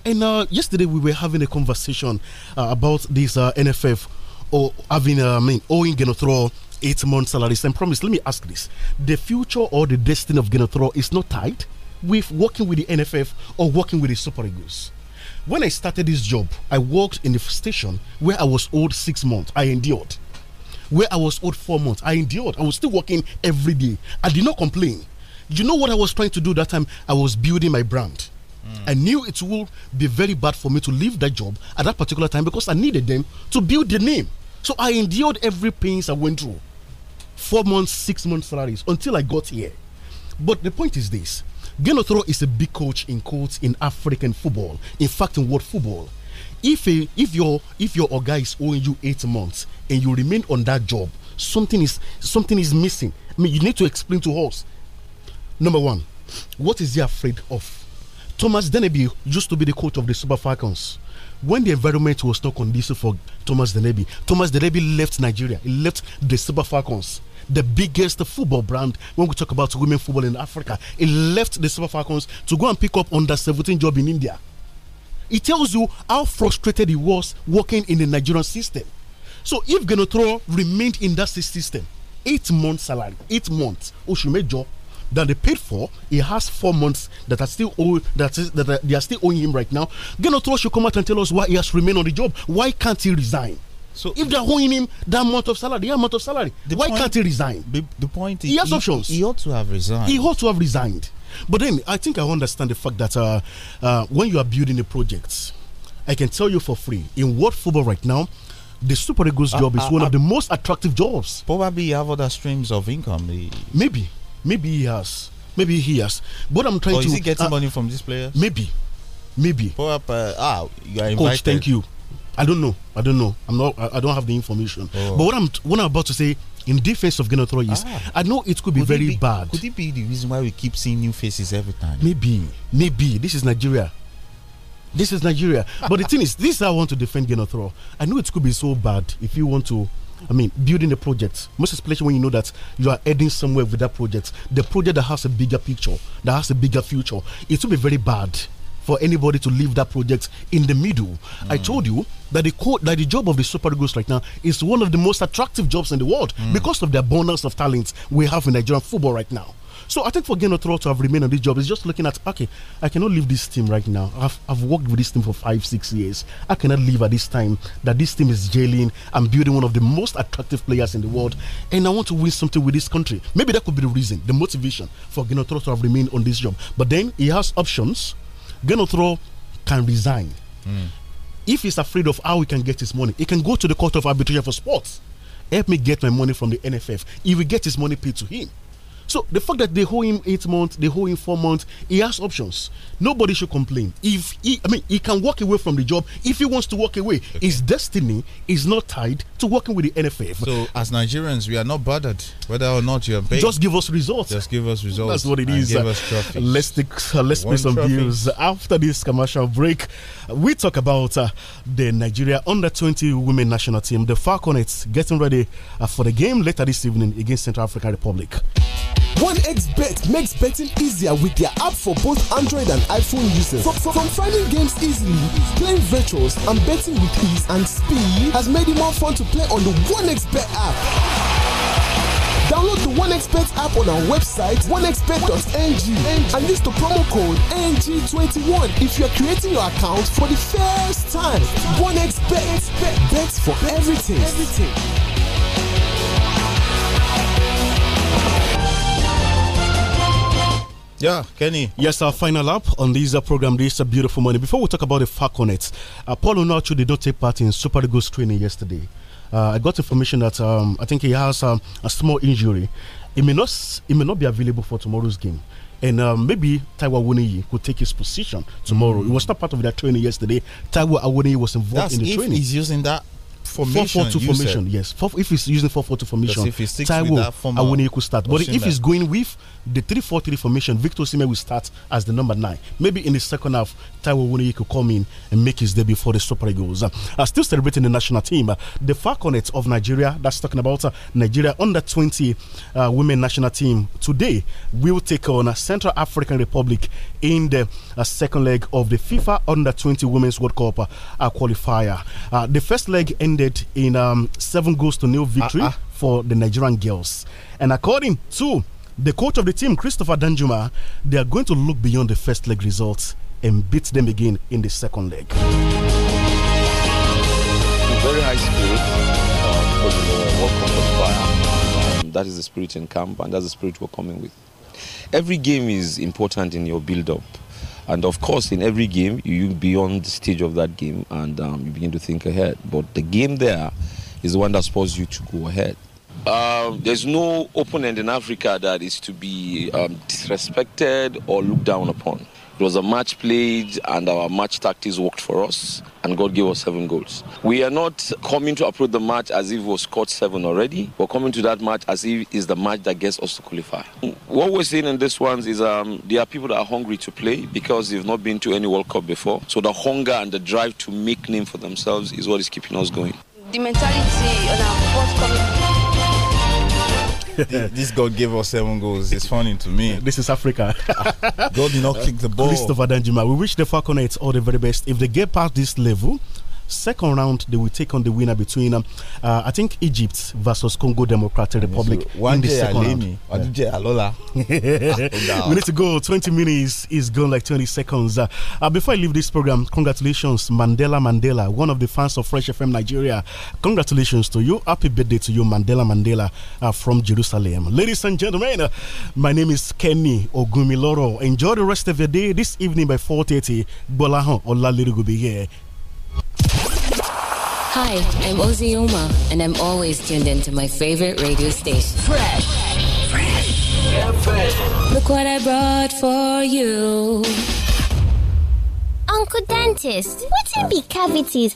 And uh, yesterday we were having a conversation uh, about this uh, NFF or having, uh, I mean, owing Genotro eight months' salaries. And promise, let me ask this: the future or the destiny of Genotro is not tied with working with the NFF or working with the Super Eagles. When I started this job, I worked in the station where I was owed six months. I endured where I was out four months. I endured. I was still working every day. I did not complain. You know what I was trying to do that time? I was building my brand. Mm. I knew it would be very bad for me to leave that job at that particular time because I needed them to build the name. So I endured every pains I went through. Four months, six months salaries until I got here. But the point is this Genotro is a big coach in quotes in African football, in fact, in world football. if a if your if your Oga is owing you eight months and you remain on that job something is something is missing i mean you need to explain to us number one what is he afraid of thomas deneby used to be the coach of the super falcons when the environment was not conducive for thomas deneby thomas deneby left nigeria he left the super falcons the biggest football brand when we talk about women football in africa he left the super falcons to go and pick up under 17 job in india It tells you how frustrated he was working in the Nigerian system. So if Genotro remained in that system, eight months salary, eight months, Oshumejo, that they paid for, he has four months that are still owed, that is that they are still owing him right now. Genotro should come out and tell us why he has remained on the job. Why can't he resign? So if they're owing him that amount of salary, that amount of salary, why point, can't he resign? The, the point is, he has he, options. He ought to have resigned. He ought to have resigned. But then I think I understand the fact that uh, uh, when you are building a project, I can tell you for free in world football right now, the Super Eagles uh, job is uh, one of uh, the most attractive jobs. Probably you have other streams of income. Maybe, maybe he has, maybe he has. But I'm trying to. Is he getting uh, money from this player? Maybe, maybe. Probably, ah, you are invited. Coach, thank you. I don't know. I don't know. I'm not. I, I don't have the information. Oh. But what I'm what I'm about to say in defense of Gennaro Ah. I know it could be could very be, bad. Could it be the reason why we keep seeing new faces every time? Maybe, maybe this is Nigeria. This is Nigeria. but the thing is, this is I want to defend Gennaro. I know it could be so bad if you want to. I mean, building a project, most especially when you know that you are heading somewhere with that project, the project that has a bigger picture, that has a bigger future, it will be very bad for anybody to leave that project in the middle. Mm. I told you that the co that the job of the Super Eagles right now is one of the most attractive jobs in the world mm. because of the abundance of talent we have in Nigerian football right now. So I think for Genotro to have remained on this job is just looking at okay, I cannot leave this team right now. I've, I've worked with this team for five, six years. I cannot leave at this time that this team is jailing. I'm building one of the most attractive players in the world, and I want to win something with this country. Maybe that could be the reason, the motivation for Genotro to have remained on this job. But then he has options Genotro can resign. Mm. If he's afraid of how he can get his money, he can go to the court of arbitration for sports. Help me get my money from the NFF. He will get his money paid to him. So the fact that they hold him eight months, they hold him four months, he has options. Nobody should complain. If he, I mean, he can walk away from the job if he wants to walk away. Okay. His destiny is not tied to working with the NFF. So as Nigerians, we are not bothered whether or not you are paid. Just give us results. Just give us results. That's what it is. let's take, uh, let's One pay some trophy. views after this commercial break. We talk about uh, the Nigeria under twenty women national team, the Falcons getting ready uh, for the game later this evening against Central African Republic. 1xBet makes betting easier with their app for both Android and iPhone users. From, from, finding games easily, playing virtuals, and betting with ease and speed has made it more fun to play on the 1xBet app. Download the 1xBet app on our website, 1xBet.ng, and use the promo code NG21 if you're creating your account for the first time. 1xBet, bets for everything. everything. Yeah, Kenny. Yes, our final lap on this uh, program. This is uh, a beautiful morning. Before we talk about the Falconets, uh, Paul Onochu did not take part in Super Eagles training yesterday. Uh, I got information that um, I think he has um, a small injury. It may not, it may not be available for tomorrow's game and um, maybe Taiwo Awoniyi could take his position tomorrow. Mm. was not part of that training yesterday. Taiwo Awoniyi was involved That's in the if training. He's using that formation. Four four two formation. Said. Yes. Four, if he's using four four two formation, Taiwo Awoniyi could start. But if he's going with the 3 4 3 formation, Victor Sime will start as the number 9. Maybe in the second half, Taiwo Wuniyi could come in and make his debut for the Super Eagles. Uh, still celebrating the national team, uh, the Falconets of Nigeria, that's talking about uh, Nigeria under 20 uh, women national team, today will take on uh, Central African Republic in the uh, second leg of the FIFA under 20 Women's World Cup qualifier. the first leg ended in um, seven goals to nil ah, victory ah. for the Nigerian girls. And according to the coach of the team, Christopher Danjuma, they are going to look beyond the first leg results and beat them again in the second leg. Very high spirit. Uh, on uh, fire. Um, that is the spirit in camp, and that's the spirit we're coming with. Every game is important in your build-up. And of course, in every game, you beyond the stage of that game and um, you begin to think ahead. But the game there is the one that spurs you to go ahead. Um, there's no open end in Africa that is to be um, disrespected or looked down upon. It was a match played, and our match tactics worked for us, and God gave us seven goals. We are not coming to approach the match as if we scored seven already. We're coming to that match as if it's the match that gets us to qualify. What we're seeing in this one is um, there are people that are hungry to play because they've not been to any World Cup before. So the hunger and the drive to make name for themselves is what is keeping us going. The mentality on our forthcoming this God gave us seven goals. It's funny to me. This is Africa. God did not kick the ball. Christopher Danjuma, we wish the Falcons all the very best. If they get past this level, second round they will take on the winner between, um, uh, I think, Egypt versus Congo Democratic Republic so one in the second Alemi, round. Yeah. Alola. we need to go. 20 minutes is gone like 20 seconds. Uh, uh, before I leave this program, congratulations, Mandela Mandela, one of the fans of Fresh FM Nigeria. Congratulations to you. Happy birthday to you, Mandela Mandela uh, from Jerusalem. Ladies and gentlemen, uh, my name is Kenny Ogumiloro. Enjoy the rest of your day. This evening by 4.30, Bolahan Olaliri be here. Hi, I'm Ozzy Uma, and I'm always tuned in to my favorite radio station. Fresh. Fresh. Yeah, fresh. Look what I brought for you. Uncle Dentist, what's in the cavities?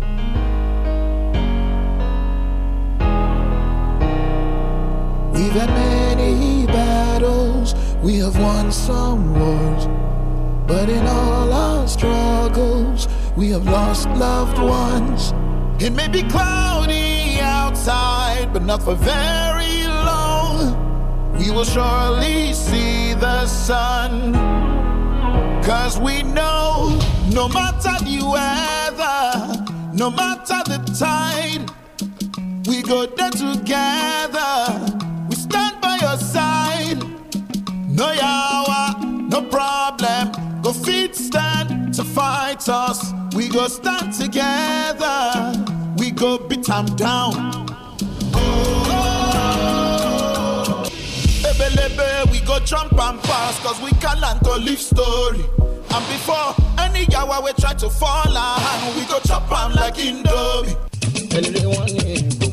We've had many battles, we have won some wars. But in all our struggles, we have lost loved ones. It may be cloudy outside, but not for very long. We will surely see the sun. Cause we know no matter the weather, no matter the tide, we go there together no yawa, no problem. Go feed stand to fight us. We go stand together. We go beat them down. Oh, we go jump and pass, cause we can learn to live story. And before any yawa we try to fall, and we go chop them like Indomie.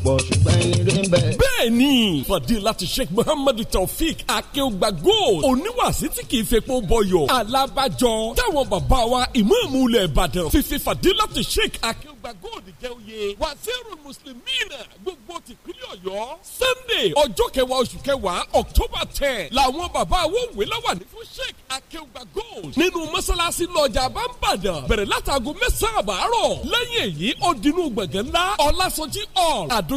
pọ̀ ṣùgbọ́n eléré ń bẹ. bẹ́ẹ̀ni fadilati sheikh muhammadu taofik akeugba gold oníwàsí tí kìí fepo bọyọ alábàjọ táwọn bàbá wa ìmáàmù ilẹ̀ ìbàdàn fífi fadilati sheikh akeugba gold jẹ́ oyè wazirul muslimina gbogbo tìpínlẹ̀ ọ̀yọ́ sunday ọjọ́ kẹwàá oṣù kẹwàá october ten làwọn bàbá wo wé lọ́wọ́ ní fún sheikh akeugba gold nínú mọ́sálásí lọ́jà àbámbàdàn bẹ̀rẹ̀ látàgọ́ mẹ́sàn-án àbárọ̀ lẹ́yìn èyí ó dinú gbọ̀ngàn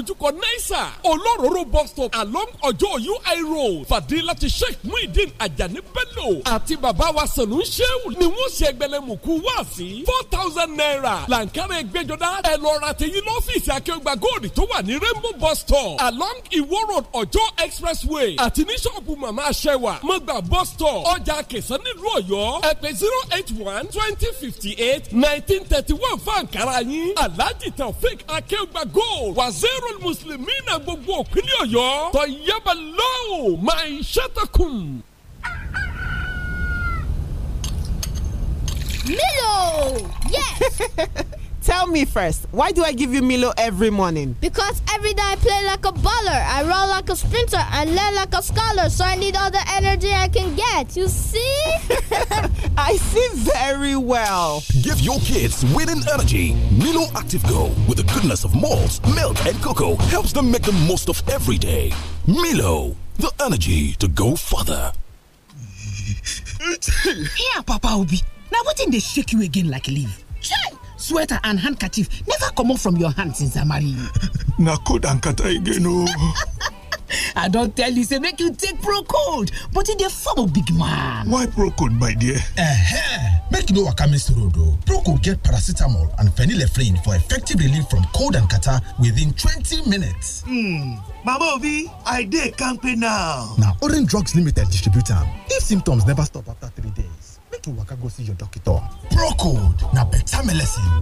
ládojúkọ naisa olóróró bus stop along ọjọ́ ui road fadilati sheikh muhyiddin ajani bello àti bàbá wa sanu sheu ni wọ́n ṣe ẹgbẹ̀lẹ́mùkú wá sí four thousand naira làǹkàrẹ̀ ẹgbẹ́jọdá ẹ lọ ra tẹ̀yìn lọ́fíìsì akẹ́gbà góòdì tó wà ní rainbow bus stop along iwo road ọjọ́ expressway àti ní ṣọ́ọ̀bù màmá aṣẹ́wà mọ́gbà bus stop ọjà kẹsàn nílùú ọ̀yọ́ ẹgbẹ́ zero eight one twenty fifty eight nineteen thirty one fún àǹkàrà yín aláàjì tàwọn fake akẹ́gbà wà zero amirul muslimi na gbogbo òpínlẹ̀ ọ̀yọ́ tọ̀yẹ́bà lọ́wọ́ máa ń ṣètọ́kùn. milo yes. Tell me first, why do I give you Milo every morning? Because every day I play like a baller, I run like a sprinter, I learn like a scholar, so I need all the energy I can get. You see? I see very well. Give your kids winning energy. Milo Active Go, with the goodness of malt, milk, and cocoa, helps them make the most of every day. Milo, the energy to go further. Here, Papa Obi. Now, what in they shake you again like leave? Shake! sweater and handkerchief never come off from your hands since i married you na cold and kata again oh. don't tell you say make you take pro cold, but in the form of big man why pro cold, my dear eh make you no what comes road o oh. pro code get paracetamol and phenylephrine for effective relief from cold and kata within 20 minutes hmm mama obi i dey kampe now Now orange drugs limited distribute if symptoms never stop after three days to waka go see your doctor. Procode na better medicine.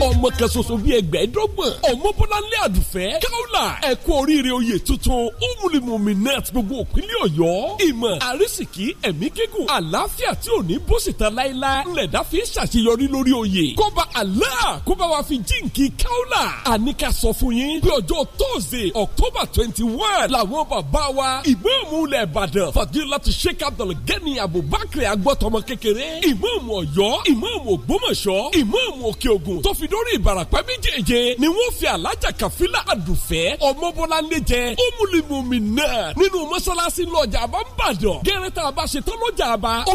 ọmọ kan ṣoṣo bíi ẹgbẹ̀ẹ́dọ́gbọ̀n ọmọbọ́láńlé àdùfẹ́ káwùlà ẹ̀kú oríire oyè tuntun umulimumi net gbogbo òpínlẹ̀ ọ̀yọ́ ìmọ̀ àrísìkí ẹ̀mí gígùn àlàáfíà tí ò ní bó sì tán láéláé ńlẹ̀dá fi ń ṣàṣeyọrí lórí oyè kọ́ba Allah kó bá wa fi jíǹkì káwùlà àníkà sọ fún yín bí ọjọ́ tóòzè October twenty one làwọn bàbá wa ìmáàmù ilẹ̀ Ìbàdàn Fadilatu Sheikh Abdulgani Abubakar agbọ́tọmọ kékeré ìmáàmù Ọ̀yọ́ ìmáàmù Ògbómọ̀ṣọ́ ìmáàmù Òkè Ògùn tó fi dórí ìbàràpá méjèèje ni wọ́n fi alájà kàfílà àdùfẹ́ ọmọbọ́láńdé jẹ ọmúlimùmí náà nínú mọ́ṣáláṣí lọ́jà àbá ń bàdàn gẹ́rẹ́tà àbá ṣetán lọ́jà àbá ó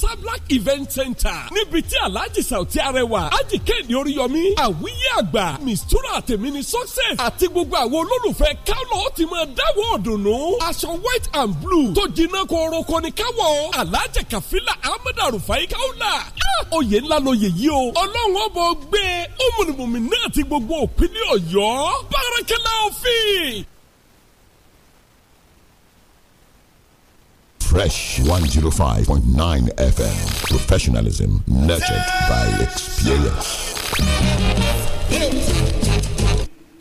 sablak event center níbi tí alájì sàùtí arẹwà ájì kéde oríyọmí àwíyé àgbà mistura àtẹ̀mí ni success àti gbogbo àwọn olólùfẹ́ kálọ̀ ti máa dáwọ́ ọ̀dùnnú aṣọ white and blue tó jiná koroko ni káwọ̀ alájà kàfílà ahmed arufai káwọ́là ah, oyè ńlá lóye yìí o ọlọ́run ọ̀bọ̀ gbé e ó mùnìmùnì náà ti gbogbo òpínlẹ̀ ọ̀yọ́ bárakẹ́lá òfin. Fresh 105.9 FM. Professionalism nurtured by experience.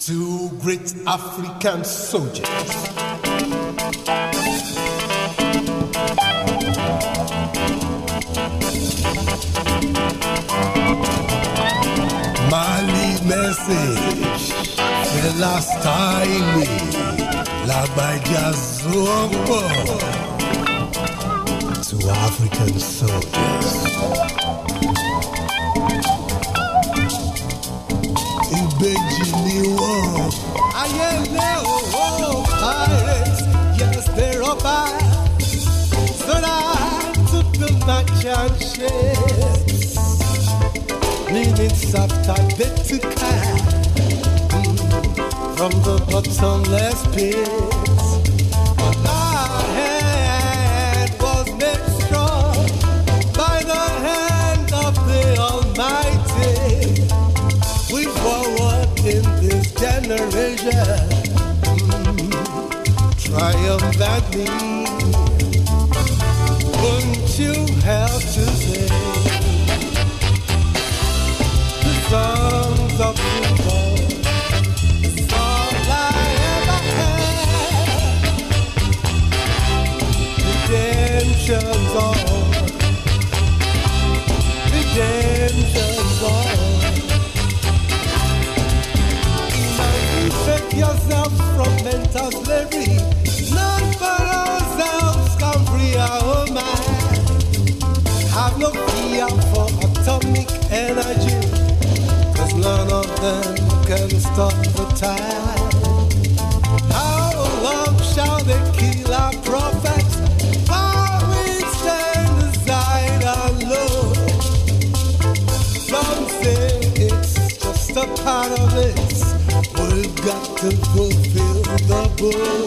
Two great African soldiers last time La Baidia Zombo to African soldiers. Ibeji ni wọ́n. Ayẹlẹ owó pirates, yes they are all bad. So I took the merchant ships. Minutes after they took her from the bottomless pit, But my hand was made strong by the hand of the Almighty. We forward in this generation, mm, Wouldn't you have to say? The Sophia for atomic energy. Cause none of them can stop the tide. How long shall they kill our prophets? While we stand aside alone? Some say it's just a part of it. We've got to fulfill the book.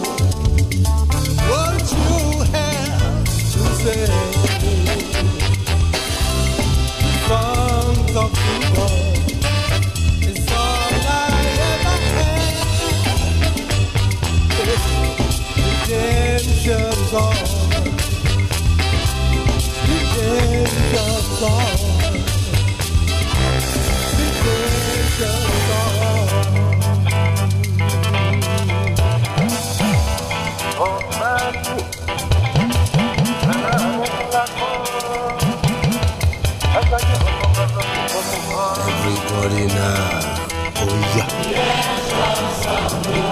Medina. Oh yeah.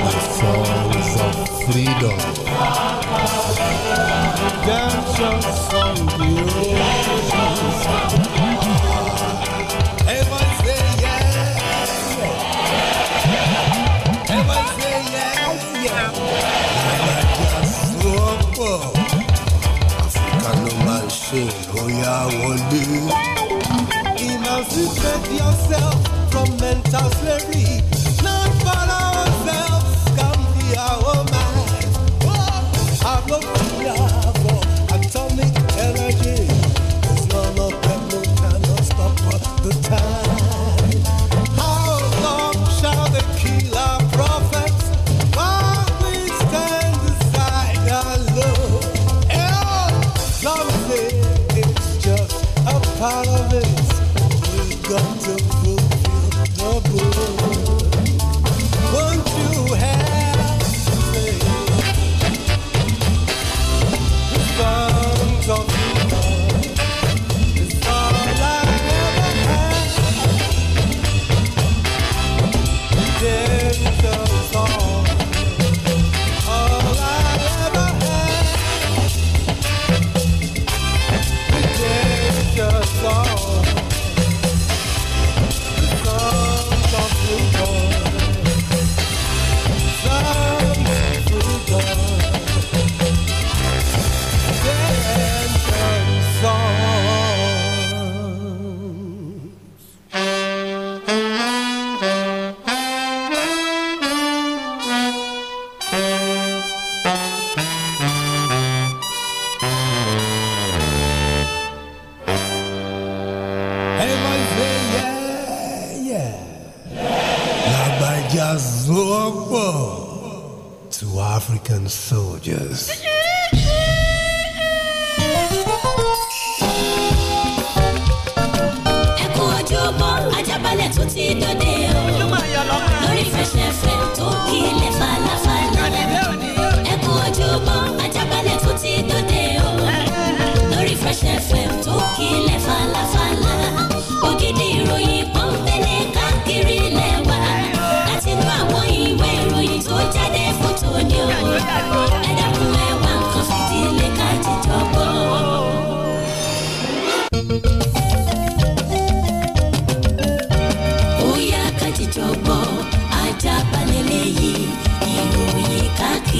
The songs of freedom. Redemption song, you. Everyone say yes. Everyone say yes. Yeah. Like a slow African Oh yeah, one day emancipate yourself from mental slavery.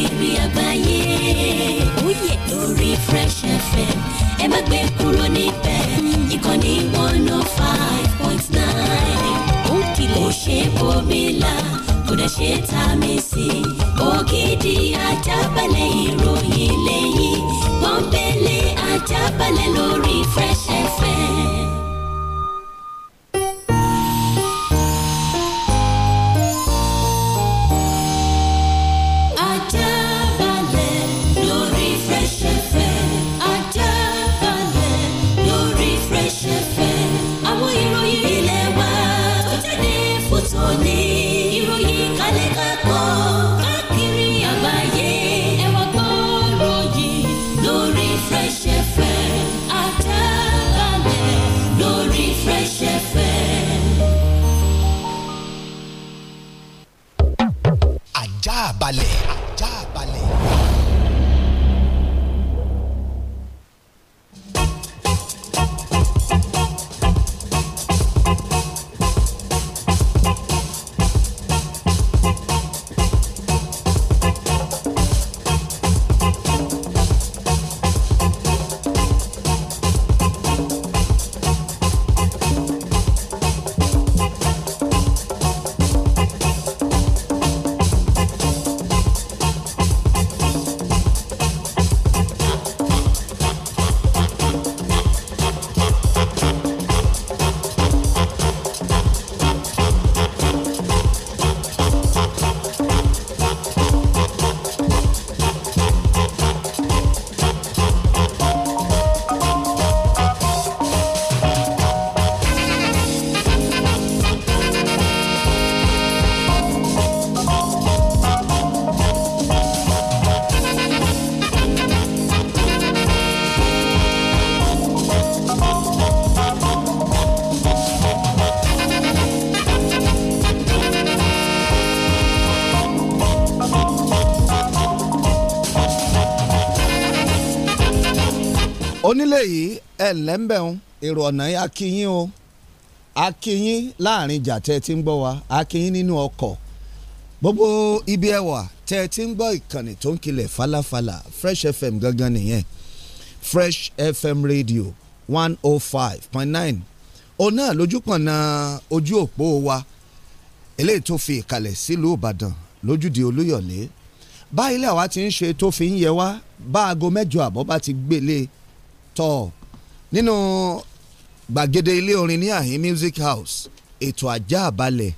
káàkiri àgbáyé. Oyè lórí Fresh FM ẹ má gbé kúrò níbẹ̀ ìkànnì one oh five point nine. Ó kìlọ̀ ṣe bòmílà kódà ṣe tá a mi sí. Ògidì ajábalẹ̀ ìròyìn lẹ́yìn pọ́npẹ́lẹ́ ajábalẹ̀ lórí Fresh FM. nílé yìí ẹ̀ lẹ́ńbẹ̀ ń èrò ọ̀nà akínyín o akínyín láàrin ìjà tẹ́ ẹ ti ń gbọ́ wa akínyín nínú ọkọ̀ gbogbo ibi ẹwà tẹ́ ẹ ti ń gbọ́ ìkànnì tó ń kilẹ̀ falafala Fresh FM gangan nìyẹn Fresh FM radio one oh five point nine òun náà lójúpọ̀nà ojú òpó wa eléyìí tó fi ìkàlẹ̀ sílùú Ìbàdàn lójúde Olúyọ̀lé báyìí làwa ti ń ṣe tó fi ń yẹ wá bá aago mẹ́jọ àbọ̀ bá ti gbélé e tọ̀ nínú gbàgede ilé orin ní àhín music house ètò ajá àbálẹ̀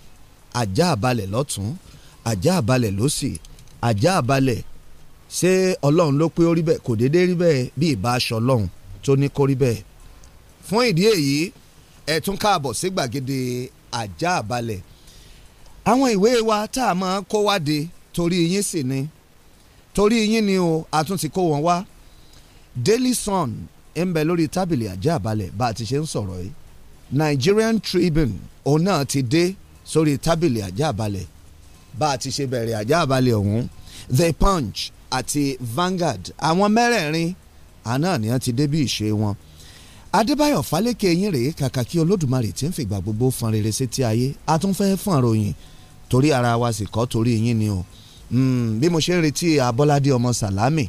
ajá àbálẹ̀ lọ́tún ajá àbálẹ̀ lọ́sì ajá àbálẹ̀ ṣé ọlọ́run ló pé ó rí bẹ́ẹ̀ kò déédéé rí bẹ́ẹ̀ bí ìbá aṣọ ọlọ́run tó ní kó rí bẹ́ẹ̀ fún ìdí èyí ẹ tún káàbọ̀ sí gbàgede ajá àbálẹ̀ àwọn ìwé wa tá a máa kó wáde torí yín sì ni torí yín ni o a tún ti kó wọn wá Daily Sun ń bẹ lórí tábìlì àjẹ́ àbálẹ̀ bá a ti ṣe ń sọ̀rọ̀ yìí Nigerian Tribune òun náà ti dé sórí tábìlì àjẹ́ àbálẹ̀ bá a ti ṣe bẹ̀rẹ̀ àjẹ́ ọ̀hún The Punch àti Vanguard àwọn mẹ́rẹ̀ẹ̀rin àná ni wọ́n ti dé bí ìṣe wọn Adébáyọ̀ Fálékè yín rèé kàkà kí Olódùmarè ti ń fìgbà gbogbo fọn rere sétí ayé a tún fẹ́ fún àròyìn torí ara wa sì kọ́ torí yín ni o hmm, bí mo ṣe ń retí Abọ́ládé ọmọ Sàlámì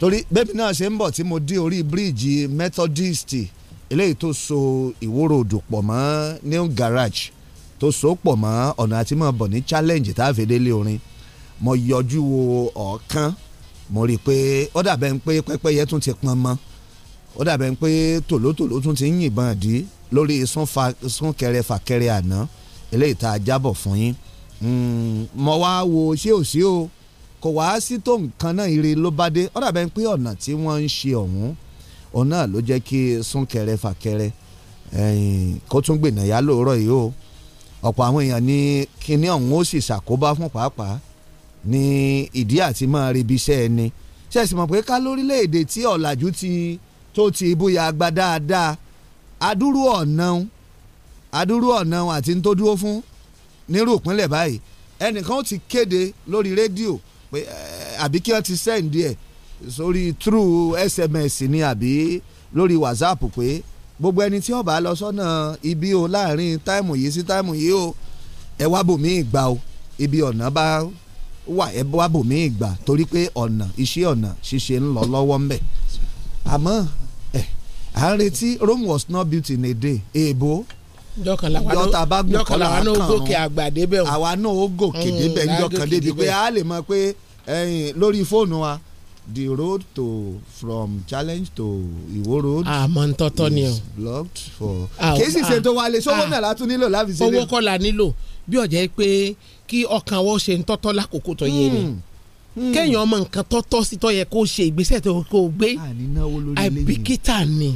torí bẹ́ẹ̀mi náà ṣe ń bọ̀ tí mo dé orí bíríìjì Methodist eléyìí tó so ìwòrò òdò pọ̀ mọ́ new garage tó so pọ̀ mọ́ ọ̀nà àti mọ̀ bọ̀ ní challenge tá a fi délé orin mo yọjú wo ọ̀ọ́kán mo rí i pé ó dàbẹ̀ ń pé pẹ́pẹ́yẹ tún ti pọn mọ́ ó dàbẹ̀ ń pé tòlótòló tún ti ń yìnbọn dí lórí súnkẹrẹ fàkẹrẹ àná eléyìí tá a jábọ̀ fún yín hmm, mo wá wo ṣé ò sí o. Si kò wá sí tó nǹkan náà ire ló bá dé ó dàbẹ̀ pé ọ̀nà tí wọ́n ń ṣe ọ̀hún òun náà ló jẹ́ kí súnkẹrẹ fàkẹrẹ kó tún gbìnàyà lóòrọ̀ yìí o ọ̀pọ̀ àwọn èèyàn ní kinní ọ̀hún ó sì ṣàkóbá fún pàápàá ní ìdí àti máa rebi iṣẹ́ ẹni ṣẹ̀sì mọ̀ pé ká lórílẹ̀‐èdè tí ọ̀làjú ti tó ti bóyá agba dáadáa adúrú ọ̀nà adúrú ọ̀nà àti ń tó dúró fún nírú ìpínlẹ̀ báyìí ẹnìkan ó ti kéde lórí rédíò pé eh, àbí kí wọ́n ti send ẹ̀ sórí through sms ni àbí lórí whatsapp pé gbogbo ẹni tí ó bá lọ sọ́nà ibi o láàrin táìmù yìí sí táìmù yìí o ẹ wá bòmí ìgbà o ibi ọ̀nà bá wà ẹ wá bòmí ìgbà torí pé ọ̀nà iṣẹ́ ọ̀nà ṣíṣe ń lọ lọ́wọ́ ń bẹ̀ àmọ́ ẹ̀ eh, à ń retí Rome was not built in a day èèbó. E jọkànlá wa náà gòkè àgbà débẹ̀ o àwa náà ó gòkè débẹ̀ mm, jọkàn débi pé a lè mọ pé lórí fóònù wa the road to from challenge to Iwo Road. àmọ́ ń tọ́tọ́ ni is blocked for. kì ṣe tó wálé sọ́wọ́ náà látún nílò láfi sílẹ̀. owó kọ́ la nílò bí ọ̀jẹ̀ pé kí ọkàn wọ́n ṣe ń tọ́tọ́ lákòókò tó yé ni. Mm Hmm. kéèyàn ọmọ nǹkan tọ́tọ́ sí tọ́ kó ṣe ìgbésẹ̀ tó kó gbé àbíkítà ni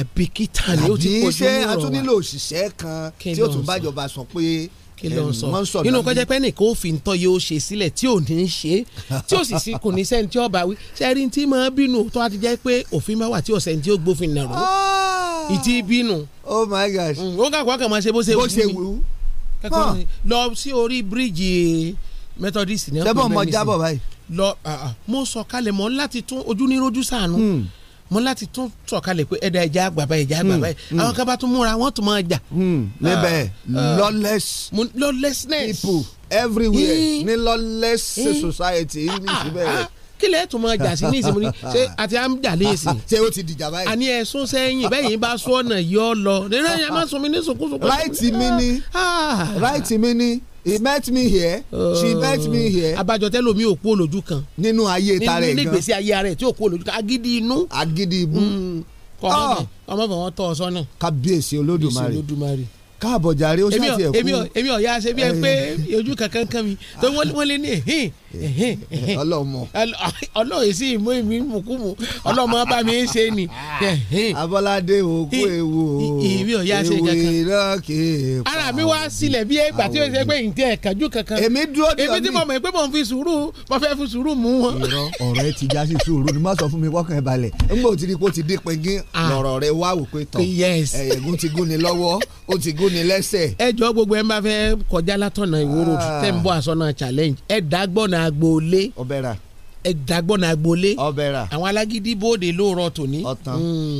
àbíkítà ni ó ti pọ̀ jù lọ́rọ̀ wa. àbí iṣẹ́ atúnílò òṣìṣẹ́ kan tí ó tún bájọba sọ pé kí ló ń nínú kọjá pé nìkan ó fi yóò ṣe sílẹ̀ tí ò ní í ṣe tí ó sì sí kò ní sẹ́ni tí ó bá wí sẹ́ni tí máa bínú tó a ti jẹ́ pé òfin máa wà tí ò sẹ́ni tí ó gbófin nàró ah! ìtì bínú. oh my gosh. Hmm, ó kàkọ́ kàn máa ṣe bó ṣe wù lọ sí orí bíríìjì methodist ní sẹ́bọ̀ mọ jábọ̀ báyìí. lọ ah, ah, mo sọ̀kalẹ̀ mọ́ láti tún ojú ní sànú hmm. mo láti tún sọ̀kalẹ̀ pé ẹ̀dá ẹja àgbàbá ẹja àgbàbá hmm, ẹ̀ hmm. àwọn kan bá tún múra wọ́n tún máa jà. níbẹ̀ ah, lawless. lawlessness. people everywhere ní lawless society english bẹ́ẹ̀ kílẹ̀ tó máa jà sí ní ìsinmi ṣé àti à ń jà léèsì. ṣé o ti dìjà báyìí. àní ẹ̀sùn sẹ́yìn bẹ́yìn bá sọ ọ̀nà yọ lọ. nínú ẹ̀yà máa sọ mi ní sòkúsòkú. ráìtì mi ni ráìtì mi ni he met me here uh, she oh. met me here. abájọ tẹ́lọ̀ mi ò kú olójú kan. nínú ayé ta rẹ̀ gan nínú ìgbésí ayé rẹ̀ tí ò olójú kan Agidi inú. Agidi. ibú. Hmm. kọ́ ọmọ bọ̀ ah. wọ́n tọ́ ọ sọ́nà. kábíyèsí olódùmarè káàbọ̀ jàre ó ṣàtì ẹ̀kú. èmi ọ̀ èmi ọ̀ yá ṣe bí ẹ pé eh. ojú kankan kan mi tó wọ́n lé ní ẹ̀hìn ọlọmọ ọlọyìn sí ìmú ìmú ìmùkúmu ọlọmọ bá mi ń ṣe ni. Ah, eh, eh. abọ́ládé òkú ewu ìwé ọ̀yá ṣe kankan ìwé náà ara mi wá sílẹ̀ bí ìgbà tí o ṣe pé ǹjẹ́ ẹ̀kájú kankan. èmi dúró dè mí èmi tí mo mọ̀ pé mo fi sùúrù mo fẹ́ fi sùúrù mú wọn. ìrọ ọ̀rọ̀ ẹ ti já sí sùúrù ni má sọ fún mi wọ́kàn ẹ balẹ̀ nígbà tí kò ti dín pingin ah. lọ̀rọ̀ rẹ wá wò pé tán ẹ̀gún eh, ti gún ni lọ́wọ́ náà agboolé ọbẹ̀ rà ẹ̀dàgbọ́nà agboolé ọbẹ̀ra àwọn alágídí bóde lóòrọ̀ tòní ọ̀tàn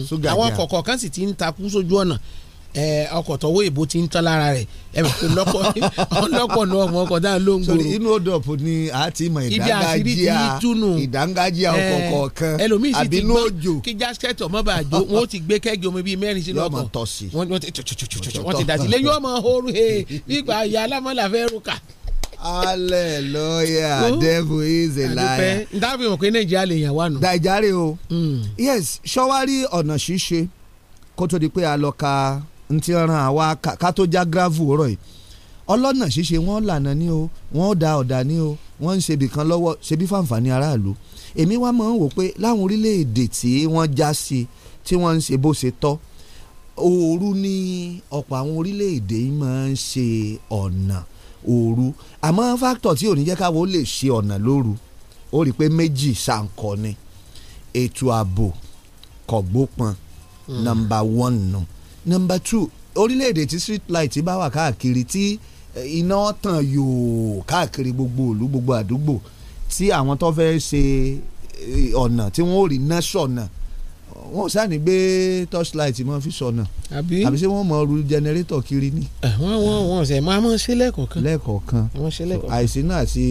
ṣúgà àwọn ọkọ̀ kọ̀ọ̀kan sì ti ń takú sójú ọ̀nà ọkọ̀ tọwọ́ èbó ti ń tán lára rẹ̀ ẹ̀mọ̀ pé lọ́pọ̀ náà ọmọ ọkọ̀ dáa ló ń gbòòrò. inú odò ọ̀pọ̀ ni a ti mọ ìdángájíà ìdángájíà ọkọ̀ kọ̀ọ̀kan àbí inú òjò. kí jásikẹ́tì ọmọ bá jó wọn ó ti gbé kẹ́gì omi bíi mẹ́rin sí lọ́kọ̀ wọ́n ti dà sílẹ̀ yóò mọ̀ ooru ẹ̀ nígbà ìyá alámọ̀lá fẹ́ rúkà hallelujah devil is a liar. dábì mọ̀ pé nàìjíríà lè yàn wà nù. dàìjárè o hmm. yes ṣọ́wárí ọ̀nà ṣíṣe kó tó di pé a lọ ka ntí ran àwa ká tó já gravel rọ̀ yìí ọlọ́nà ṣíṣe wọ́n lànà ní o wọ́n da ọ̀dà ní o wọ́n ń ṣebì kan lọ́wọ́ ṣebí fàǹfààní aráàlú èmi wá máa ń wò pé láwọn orílẹ̀-èdè tí wọ́n já sí tí wọ́n ń ṣe bó ṣe tọ́ òru ni ọ̀pọ̀ àwọn orílẹ̀-èdè máa ń ṣe ọ̀nà òru àmọ́ fáktọ̀ tí ò ní jẹ́ káwọ́ lè ṣe ọ̀nà lóru ó rí i pé méjì ṣàǹkọ ni ètò ààbò kọ̀gbópọn hmm. nọmba one nù nọmba two orílẹ̀-èdè tí street light bá wà káàkiri tí eh, iná tàn yòò káàkiri gbogbo ìlú gbogbo àdúgbò tí àwọn tó fẹ́ ṣe eh, ọ̀nà tí wọ́n ò rí náà So wọn ò sáàní gbé torchlight mọ́ fi sọnà àbí àbí ṣé wọ́n mọ ọrù jẹnẹrétọ̀ kiri ni. Eh, wọ́n wọ́n wọ́n ṣe máa mọ̀ ṣe lẹ́ẹ̀kọ̀kan. lẹ́ẹ̀kọ̀kan àìsí náà ti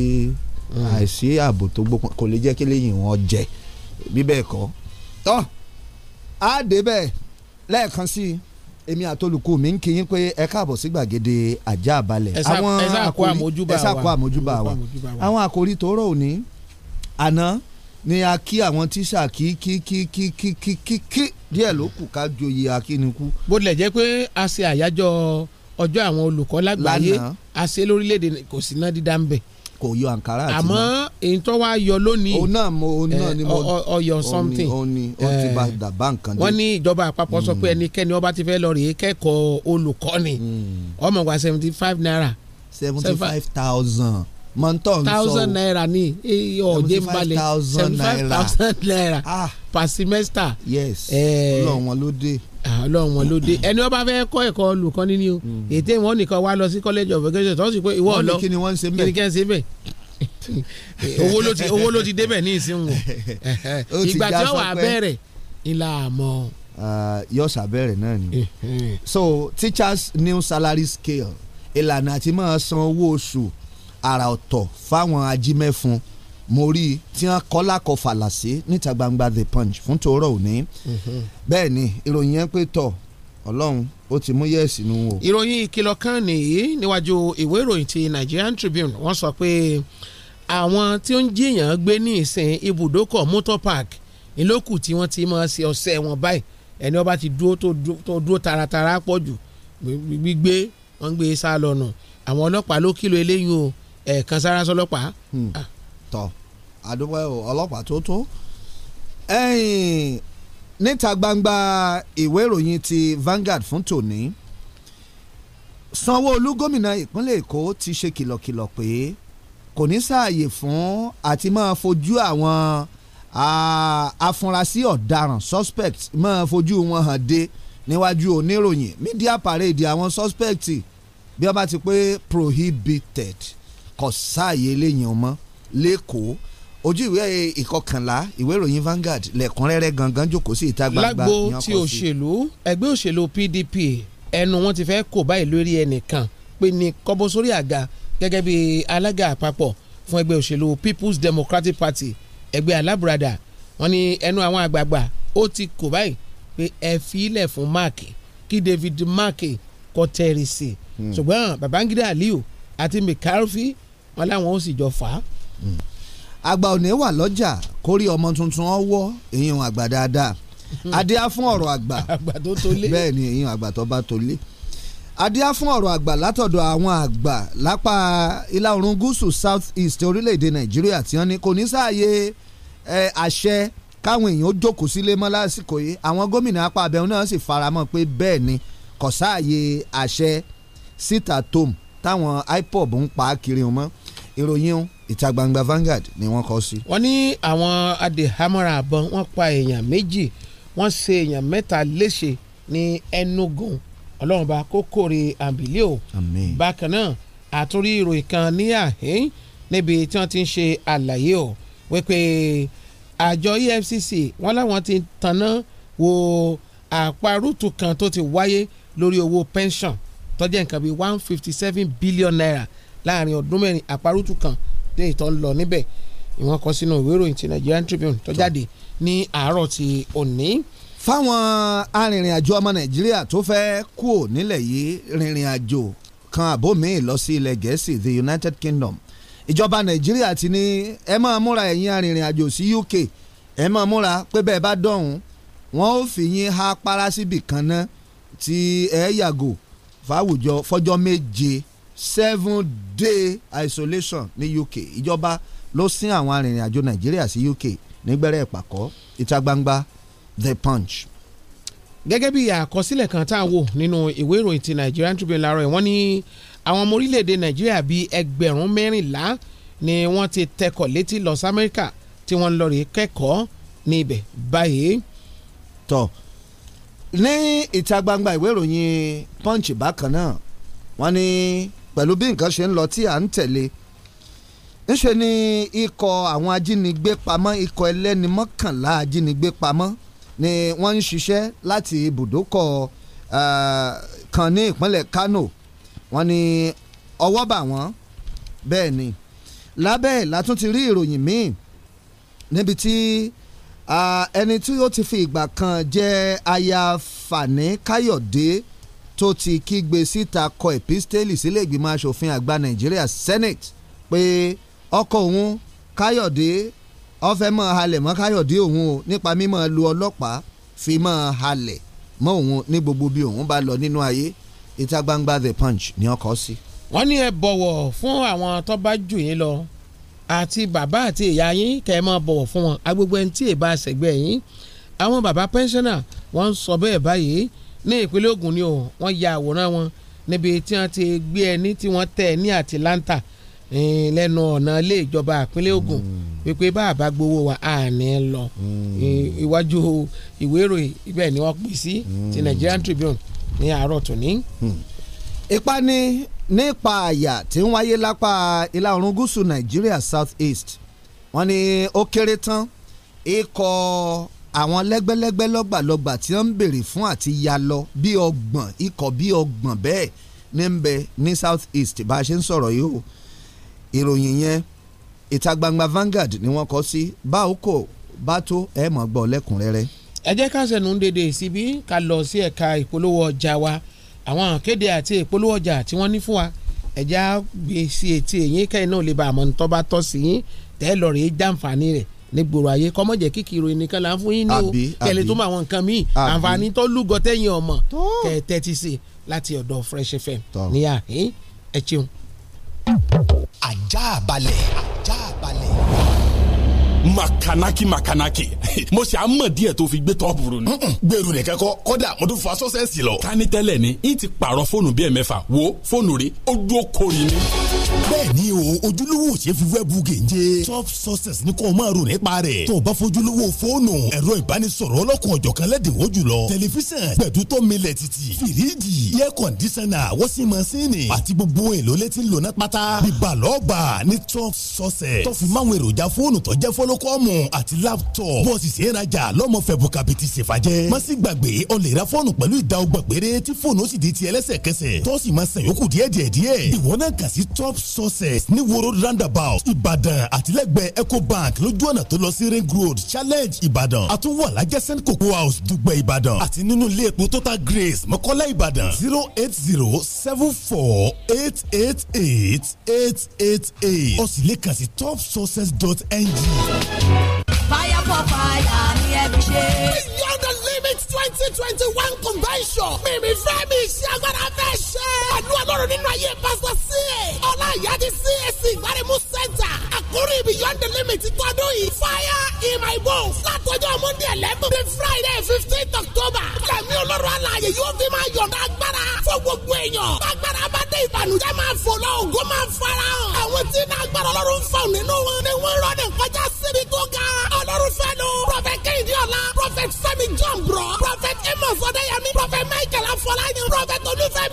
mm. àìsí ààbò tó gbópọn kò lè jẹ́ kí lẹ́yìn wọn jẹ bí bẹ́ẹ̀ kọ́ tọ́ á dé bẹ́ẹ̀ lẹ́ẹ̀kan sí i èmi àtolùkù mi ń kí yín pé ẹ káàbọ̀ sí gbàgede àjà àbálẹ̀ àwọn àkórí ẹ̀sà kó àmójúbà wa àwọn àkórí tó rọ̀ òní àná ni a kí àwọn tíṣà kí kí kí kí kí kí kí kí díẹ̀ ló kù ká joyè akínikú. bó tilẹ̀ jẹ́ pé a ṣe àyájọ́ ọjọ́ àwọn olùkọ́ lágbàáyé a ṣe lórílẹ̀‐èdè kò sí náà dídá ń bẹ̀ kò yọ àǹkárá àti náà àmọ́ èyí tó wá yọ lónìí òun náà mo òun náà ni mo ọyọ something òun ni ó ti bá dàbá nǹkan dé. wọ́n ní ìjọba àpapọ̀ sọ pé hmm. ẹnikẹ́ni ó bá ti fẹ́ lọ rèé kẹ́kọ̀ọ́ olùkọ́ni hmm. ọmọ wa seventy five naira. seventy five thousand mọ̀ntọ́ ń sọ thousand naira ní ọ̀jẹ̀ balẹ̀ seventy five thousand naira ah. per semester. yes eh. ọlọ́run wọn ló dé. Ah, ọlọ́run wọn ló dé mm-hmm. ẹni wọ́n bá fẹ́ kọ́ ẹ̀kọ́ olùkọ́ nínú o mm-hmm. ètè wọn nìkan wá lọ sí college of education tó ń sì pé ìwọ ọ̀lọ́ kí ni wọ́n ń ṣe bẹ́ẹ̀ kí ni kí wọ́n ń ṣe bẹ́ẹ̀ owó ló ti owó ló ti débẹ̀ ní ìsìn wọn ìgbà tí wọ́n wà bẹ̀rẹ̀ ńlá àmọ́ ah, yóò ṣàbẹ̀rẹ̀ náà ni. so teachers new salary scale ìlànà àti máa san owó oṣù àrà ọ̀tọ̀ fáwọn ajímẹ́fun mo rí i tí wọ́n kọ́ lákọ̀ fàlàsé níta gbangba the punch fún tòórọ̀ òní mhm. bẹ́ẹ̀ ni ìròyìn yẹn pé tọ̀ ọlọ́run ó ti mú yẹ́ẹ̀sì nù o. ìròyìn ìkìlọ̀ kan nìyí níwájú ìwé ìròyìn ti Nigerian Tribune wọ́n sọ pé àwọn tí ó ń jiyàn gbé ní ìsìn ibùdókọ̀ motor park ìlókù tí wọ́n ti máa ṣe ọ̀sẹ̀ wọn báyìí ẹni ọba ti dúró tó dúró taratara pọ̀ jù gbígbé wọ́n gbé e sá lọ́nà àwọn ọlọ́pàá ló kìlọ̀ eléyìí o ẹ̀ẹ̀kan sára sọlọ́pàá. Hmm. Ah. tọ àdúgbò ọlọ́pàá tó tó níta gbangba ìwé ìròyìn ti Vanguard fún tòní Sanwó-Olú gómìnà ìpínlẹ̀ Èkó ti ṣe kìlọ̀kìlọ̀ pé kò ní sáàyè fún àti máa fojú àwọn afurasí ọ̀daràn suspect máa fojú wọn hàn dé níwájú oníròyìn media parade àwọn suspect bí wọ́n bá ti pé prohibited kò sáàyè eléyìí mọ́ lẹ́kọ̀ọ́ ojú ìwé ìkọkànlá ìwé ìròyìn Vanguard lẹ́kùnrẹ́rẹ́ gangan jókòó sí ìta gbangba ní ọkọ̀ sí. lágbo ti òṣèlú ẹgbẹ́ òṣèlú PDP ẹnu wọn ti fẹ́ kó báyìí lórí ẹnìkan pé ní kọ́bọ̀ sórí àga gẹ́gẹ́ bí alága àpapọ̀ fún ẹgbẹ́ òṣèlú People's Democratic Party ẹgbẹ́ alábùradà wọn ní ẹnu àwọn àgbààgbà ó ti kó báyìí pé ẹ fi ilẹ̀ fún Mark kí David Mark kọ́ tẹ̀rì sí hmm. ṣùgbọ́n Babangida Aliyu àti McCarthy wọn láwọn ó sì jọ fà á. Hmm. àgbà òní wà lọ́jà kórí ọmọ tuntun ọwọ́ èèyàn àgbà dáadáa hmm. adíá fún ọ̀rọ̀ àgbà bẹ́ẹ̀ ni èèyàn àgbà tó bá tó lé adíá fún ọ̀rọ̀ àgbà látọ̀dọ̀ àwọn àgbà lápá ìlà oòrùn gúúsù south east orílẹ̀-èdè nàìjíríà tí wọ́n ní kò ní sáàyè àṣẹ káwọn èèyàn ó jókòó sílé mọ́ lásìkò yìí àwọn gómìnà apá abẹ́hùn náà sì faramọ́ pé bẹ́ẹ̀ ni kò sáàyè àṣẹ síta tom táwọn ipob ń pa kiri wọn mọ́ ìròyìn o ìta gbangba Vanguard ni wọ́n kọ sí. wọ́n ní àwọn adìhámọ́ra àbọ̀n wọ́n pa èèyàn méjì wọ́n ṣe èèyàn mẹ́ta léṣe ní Enugu ọlọ́run bá kókòrè àbílẹ̀ o. bákan náà àtúrí ìròyìn kan ní àhín níbi tí wọ́n ti ń ṣe àlàyé o wípé àjọ EFCC wọ́n láwọn ti tanná wo àparùtù kan tó ti wáyé lórí owó pension tó nǹkan bíi one fifty seven billion naira láàrin ọdún mẹ́rin àparùtù kan dé ìtọ́ ń lọ níbẹ̀ ìwọ́n kọ sínú ìwé ìròyìn ti Nigerian Tribune tó jáde ní àárọ̀ ti òní. fáwọn arìnrìn àjò ọmọ Nàìjíríà tó fẹ́ kúò nílẹ̀ yìí rìnrìn àjò kan àbó míì lọ sí ilẹ̀ Gẹ̀ẹ́sì the United Kingdom ìjọba Nàìjíríà ti ní ẹ máa múra ẹ̀yin arìnrìn àjò sí UK ẹ máa múra pé bẹ́ẹ̀ bá dọ̀hún wọ́n ó fi yín ha para síbì kan náà tí ẹ yàgò fáwùjọ fọjọ́ méje seven day isolation ní UK ìjọba ló sin àwọn arìnrìn-àjò Nàìjíríà sí UK nígbẹ̀rẹ̀ ìpàkọ́ ìta gbangba The Punch. gẹ́gẹ́ bí àkọsílẹ̀ kan tá a wò nínú ìwé ìròyìn ti Nigerian Tribune láàárọ̀ yìí wọ́n ní àwọn ọmọ orílẹ̀-èdè Nàìjíríà bíi ẹgbẹ̀rún mẹ́rìnlá ni wọ́n ti tẹkọ̀ létí Los America tí wọ́n ń lọ rèé kẹ́kọ̀ọ́ ní ibẹ̀ báyìí. tọ́ ní ìta gbangba ìwé ìròyìn Punch bákan náà wọ́n ní pẹ̀lú bí nǹkan ṣe ń lọ tí à ń tẹ̀lé ńṣe ni ikọ̀ àwọn ajínigbé pamọ́ ikọ̀ ẹlẹ́ni mọ́kànlá ajínigbé pamọ́ ni wọ́n ń ṣiṣẹ́ láti ibùdókọ̀ kan ní ìpínlẹ̀ Kano wọ́n ní ọwọ́ bà wọ́n bẹ́ẹ̀ ni lábẹ́ ẹ̀ látún ti rí ìròyìn míì níbi tí ẹni tí ó ti fi ìgbà kan jẹ́ aya Fani Káyọ̀dé tó ti kígbe síta kọ episteeli sílé ìgbìmọ̀ asòfin àgbà Nàìjíríà Senate pé ọkọ òun Káyọ̀dé ọfẹ́ mọ́ halẹ̀ mọ́ Káyọ̀dé òun o nípa mímọ́ lu ọlọ́pàá fi mọ́ halẹ̀ mọ́ òun ní gbogbo bí òun bá lọ nínú ayé ìta gbangba The Punch ni ọkọ sí. wọ́n ní ẹ bọ̀wọ̀ fún àwọn tó bá jù yín lọ àti bàbá àti ìyá yín kẹ́ ẹ máa bọ̀wọ̀ fún wọn agbègbè ẹni tí èèbá ṣẹ̀gbẹ́ yín àwọn bàbá pẹ́ńsánà wọ́n ń sọ bẹ́ẹ̀ báyìí ní ìpínlẹ̀ Ògùn ni o wọ́n ya àwòrán wọn níbi tí wọ́n ti gbé ẹni tí wọ́n tẹ̀ ní Atlanta lẹ́nu ọ̀nà ilé ìjọba ìpínlẹ̀ Ògùn hmm. wípé bá a bá gbowó wa a ní lọ hmm. iwájú ìwé ìròyìn ibẹ̀ ni wọ́n pè sí ti hmm. Nigerian Tribune ní àárọ̀ tòní. ìpani nípa àyà tí ń wáyé lápá ìlà oòrùn gúúsù Nàìjíríà South East wọ́n ní ó kéré tán ikọ̀ àwọn lẹ́gbẹ́lẹ́gbẹ́ lọ́gbàlọ́gbà tí wọ́n ń béèrè fún àti ya lọ bí ọgbọ̀n ikọ̀ bí ọgbọ̀n bẹ́ẹ̀ ní ń bẹ ní south east bá a ṣe ń sọ̀rọ̀ yìí o ìròyìn yẹn ìta gbangba Vanguard ni wọ́n kọ sí bá a kò bá tó ẹ mọ̀ gbọ́ lẹ́kùnrẹ́rẹ́. ẹ jẹ́ ká ṣẹ̀nu dédé síbí ká lọ sí ẹ̀ka ìpolówó ọjà wa àwọn àkéde àti ìpolówó ọjà tí wọ́n ní fún wa ẹ̀já gbé sí etí èyí kẹ́yìn náà lè bá àmọ́ ní tọ́ bá tọ́ sí tẹ́ lọ́ọ̀rì jàǹfààní rẹ̀ nígboro ayé kọ́mọ̀jẹ́ kíkiri nìkan là ń fún yín ní o kẹ̀lé tó mọ àwọn nǹkan míì àǹfààní tó lúgọ tẹ́yìn ọmọ kẹ̀ tẹ́tí sí láti ọ̀dọ̀ Fresh FM ní àhín ẹ̀ ṣeun. ajá balẹ̀ ajá balẹ̀ makanaki makanaki mo ṣe àmọ̀ díẹ̀ tó fi gbé tọ́pù rò ni. gbèrú nìkan kọ kọ́dà mo tún fa sọ́sẹ̀sì lọ. ká ní tẹ́lẹ̀ ni n ti pààrọ̀ fóònù bíi ẹ̀mẹ́fà wo fóònù rí ojú okòrì ni. bẹ́ẹ̀ni o ojúlówó ṣe fi wẹ́ẹ̀bù gèje top success ní kò máa rò nípa rẹ̀ tó o bá fojúlówó fóònù ẹ̀rọ ìbánisọ̀rọ̀ ọlọ́kùn ọ̀jọ̀kan lẹ́dínwó jùlọ tẹlifíṣàn gbẹ̀dútọ́ milẹ̀ títì fìrídì air conditioner wọ́sí masínì àti gbogbo èlò létí lónà pátá bíbalọ́ọ̀bà ni top success tó fi máwọn èròjà fóònù tó jẹ́ fọ́l kọ́lọ́kọ́mù àti laptop bọ́ọ̀sì sì ń rajà lọ́mọ fẹ́ bùkàbìtì ṣèfàjẹ́ má sì gbàgbé ọ lè ra fọ́ọ̀nù pẹ̀lú ìdá ọgbà péré tí fóònù ó sì di tiẹ̀ lẹ́sẹ̀kẹsẹ̀ tó sì máa san yòókù díẹ̀ díẹ̀ díẹ̀ ìwọ náà kà sí top sources ní woro roundabout ìbàdàn àtìlẹ́gbẹ̀ẹ́ ecobank lójú ọ̀nà tó lọ sí ring road challenge ìbàdàn àtúwọ̀ alájẹsẹ́ni cocoa house dùgbẹ̀ ìbàdàn àti nínú ilé epo total grace mọ́kọ́lá ìbàdàn zero eight zero seven four eight eight eight eight eight eight ó sì lè kàn sí topsources.ng fire for fire ni ẹ fi ṣe. beyond the limit twenty twenty one convention mímí fẹ́mi iṣẹ́ agbára fẹ́ ṣe. pẹ̀lú ọlọ́run nínú ayé pásítọ̀ sí ẹ̀ ọlá ìyáàdí CAC ìgbàrimú center àkórí beyond the limit tọdún yìí e. fire in my bones látọjọ́ monday eleven bíi friday fifteenth october lẹ́mí ọlọ́run alààyè yóò fi máa yọ̀ǹda agbára fún gbogbo èèyàn agbára bá dé ìbànújẹ́ máa fò lọ́ọ̀gọ́ máa fara hàn àwọn tí náà agbára ọlọ́run fọ̀ nínú wọn ni wọ́n rọ́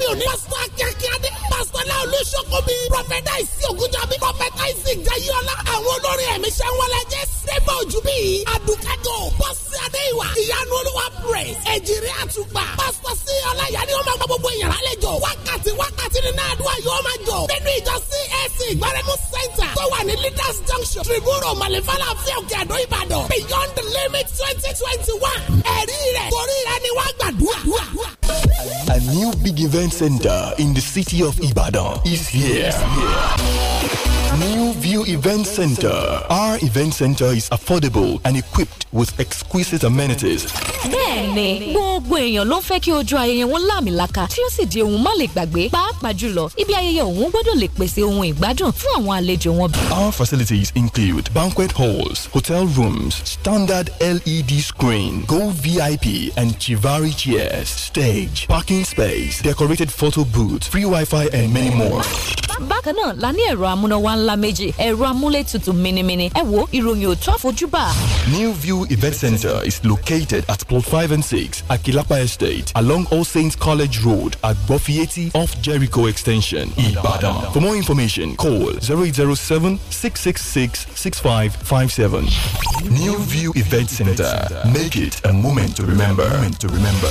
òde òní. pásítọ̀ akíákíá dé. pásítọ̀ náà olùsọ́kọ̀ mi. prọfẹ̀tà ìsì ògùnjà mi. prọfẹ̀tà ìsì jayọ́lá. àwọn olórin ẹ̀mí ṣe ń wọlé jẹ́ sẹ́gbà ojú bí. àdùkájọ bọ́sí adéwà. ìyanu olúwa praise. ẹ̀jìrì àtùpà. pásítọ̀ sí ọláyà ni ó máa gba gbogbo ìyàrá lẹ́jọ́. wákàtí wákàtí ni náà àdúrà yóò máa jọ. nínú ìjọ CAC beyond the limit twenty new big event center in the city of Ibadan is here. New View Event Center. Our event center is affordable and equipped with exquisite amenities. There bẹ́ẹ̀ni gbogbo èèyàn ló ń fẹ́ kí ojú ayẹyẹ wọn láàmìlaka tí ó sì di ohun má lè gbàgbé pàápàá jùlọ ibi ayẹyẹ òun gbọ́dọ̀ lè pèsè ohun ìgbádùn fún àwọn àlejò wọn. Our facilities include banquet halls, hotel rooms, standard LED screen, gold VIP and Chivari chairs, stage, parking space, decorated photo booth, free Wi-Fi and many more. Bákan náà la ní ẹ̀rọ amúnáwá ńlá méjì, ẹ̀rọ amúlétutù minimini, ẹ wo ìròyìn òtún àfojúbà. New View Event Center is located at plot five 776 Akilapa Estate along All Saints College Road at Bofieti off Jericho Extension, Ibadan. For more information, call 0807 6557. New View Event Center. Make it a moment to remember. Moment to remember.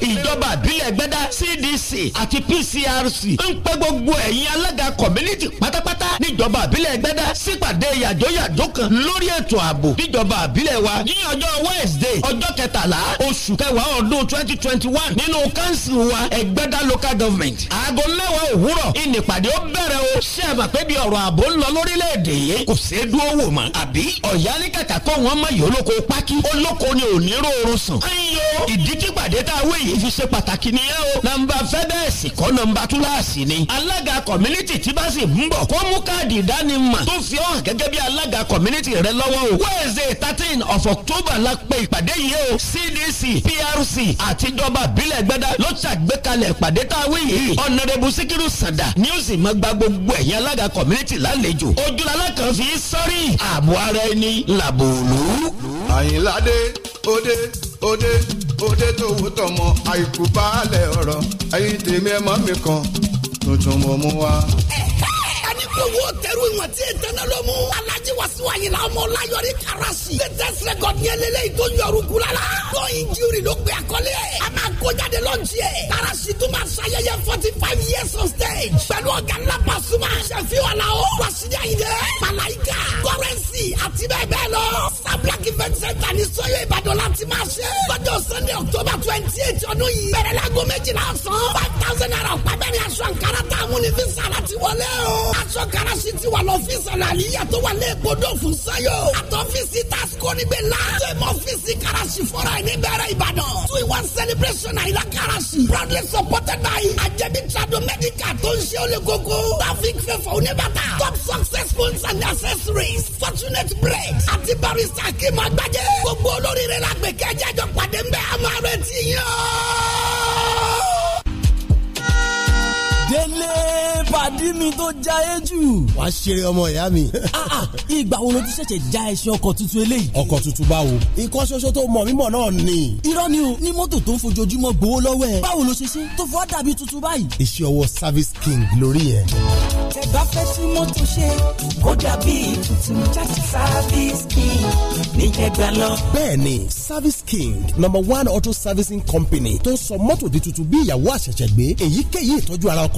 ìjọba àbílẹ̀ gbẹ́dá cd NDC àti PCRC ń pẹ́ gbogbo ẹ̀yin alága community pátápátá níjọba àbílẹ̀ gbẹ́dá sípàdé yàjóyàjó kan lórí ètò ààbò níjọba àbílẹ̀ wa ní ọjọ́ Wednesday ọjọ́ kẹtàlá oṣù kẹwàá ọdún twenty twenty one nínú council wa ẹgbẹ́dá local government aago mẹ́wàá òwúrọ̀ ìnìpàdé ó bẹ̀rẹ̀ o ṣé ẹ mọ̀ pé bí ọ̀rọ̀ ààbò ń lọ lórílẹ̀‐èdè yìí kò ṣeé dúró wò mọ́ àbí ọ̀yá ní kàkà kó wọn mọ̀ yìí olóko pákí olóko ni ò róorun sàn. ayo ìdí tí pàdé tá a wé yìí fi ṣe pàtàkì nìyẹn o. nàmbà fẹ́ bẹ́ẹ̀ sì kọ́ nọ́mbà túláàsì ni. alága community tí bá sì ń bọ̀ kó mú káàdì ìdánimọ̀ tó fi hàn gẹ́gẹ́ bí alága community rẹ lọ́wọ́ o. wednesday thirteen of october la pe ìpàdé yìí o cdc prc àtijọba bílẹ̀ gbẹ́dá ló ṣàgbékalẹ̀ ìpàdé tá a wí yìí. ọ̀nàdẹ̀bù síkírù sàdà ni ó sì máa gba gbogbo ẹ̀yìn alága community lálejò. ojúlala kan fi sọ́rí ààbò ara ẹni làbòlú. àyìnládé òde òde òde tó wò tọmọ àìkú baálẹ̀ ọ̀rọ̀ ayé tèmi ẹ̀ mọ́ mi kan tuntun mo mú wá. ẹ ẹ a ní kò wó pẹ̀lú ìwọ̀n tí ìtẹ́nẹ́ ló mú. Alhaji Wasiu Ayinla ọmọ Ọláyọrí Karasi. Latest record ní eléyìí tó yọrù kula la. Lọ́yìn jírí ló pe àkọlé ẹ̀. A máa kójáde lọ́jì ẹ̀. Karasi tún máa ṣayẹyẹ forty five years on stage. Pẹ̀lú ọ̀gá ńlá Pasuma. Ṣèfíwàlà o. Wàsídì Ayinde. Malaika. Kọ́rẹ́nsì àti bẹ́ẹ̀ bẹ́ẹ̀ lọ. Sablak event center ní Sọ́yọ́ Ìbàdàn láti máa ṣe. Lọ́jọ́ Sunday October twenty eight ọdún yìí. Bẹ̀rẹ̀ láago méjìlá ọ̀sán. five thousand naira ọ̀pá bẹ́ẹ̀ ni aṣọ àǹkárá tá a mú sì wà lọ́fíìsì àlàyé tó wà lẹ́ẹ̀kọ́dọ̀ fún sáyọ̀. àtọ́fíìsì tasco níbẹ̀ la. sẹ́mi ọ́fíìsì karasi fọ́ra ẹ̀ níbẹ̀rẹ̀ ìbàdàn. two in one celebration àyílá karasi. proudly supported by ajẹbi trado medical tó ń ṣe olè gógó. traffic fẹ́fọ̀ oníbàtà. top successfuls and accessories. fortunate bread. àti barista kí máa gbajẹ́. gbogbo olóríire la gbẹ̀kẹ́ jẹ́jọ́ pàdé ń bẹ́ àmọ́ àrẹ ti yàn délé pàdí mi tó já e jù. wà á ṣeré ọmọ ìyá mi. Ah, ah, ìgbà wo ló ti ṣẹ̀ṣẹ̀ já ẹṣin ọkọ̀ tuntun eléyìí. ọkọ̀ tuntun báwo. ikọ́ ṣoṣo tó mọ̀ mímọ̀ náà ni. irọ́ ni o ní mọ́tò tó ń fojoojúmọ́ gbowó lọ́wọ́ ẹ̀. báwo ló ṣe ṣe tó fọ́ dàbí tuntun báyìí. iṣẹ́ ọwọ́ service king lórí yẹn. tẹ bá fẹ́ tí mọ́tò ṣe kó dàbí tuntun jáde service king ní ẹgbẹ́ lọ. bẹ́ẹ̀ni service king number one auto servicing company tó ń sọ mọ́tò di tuntun bí ìyàwó àṣẹ̀ṣẹ̀ gbé èyíkéyìí ìtọ́jú ara ọkọ̀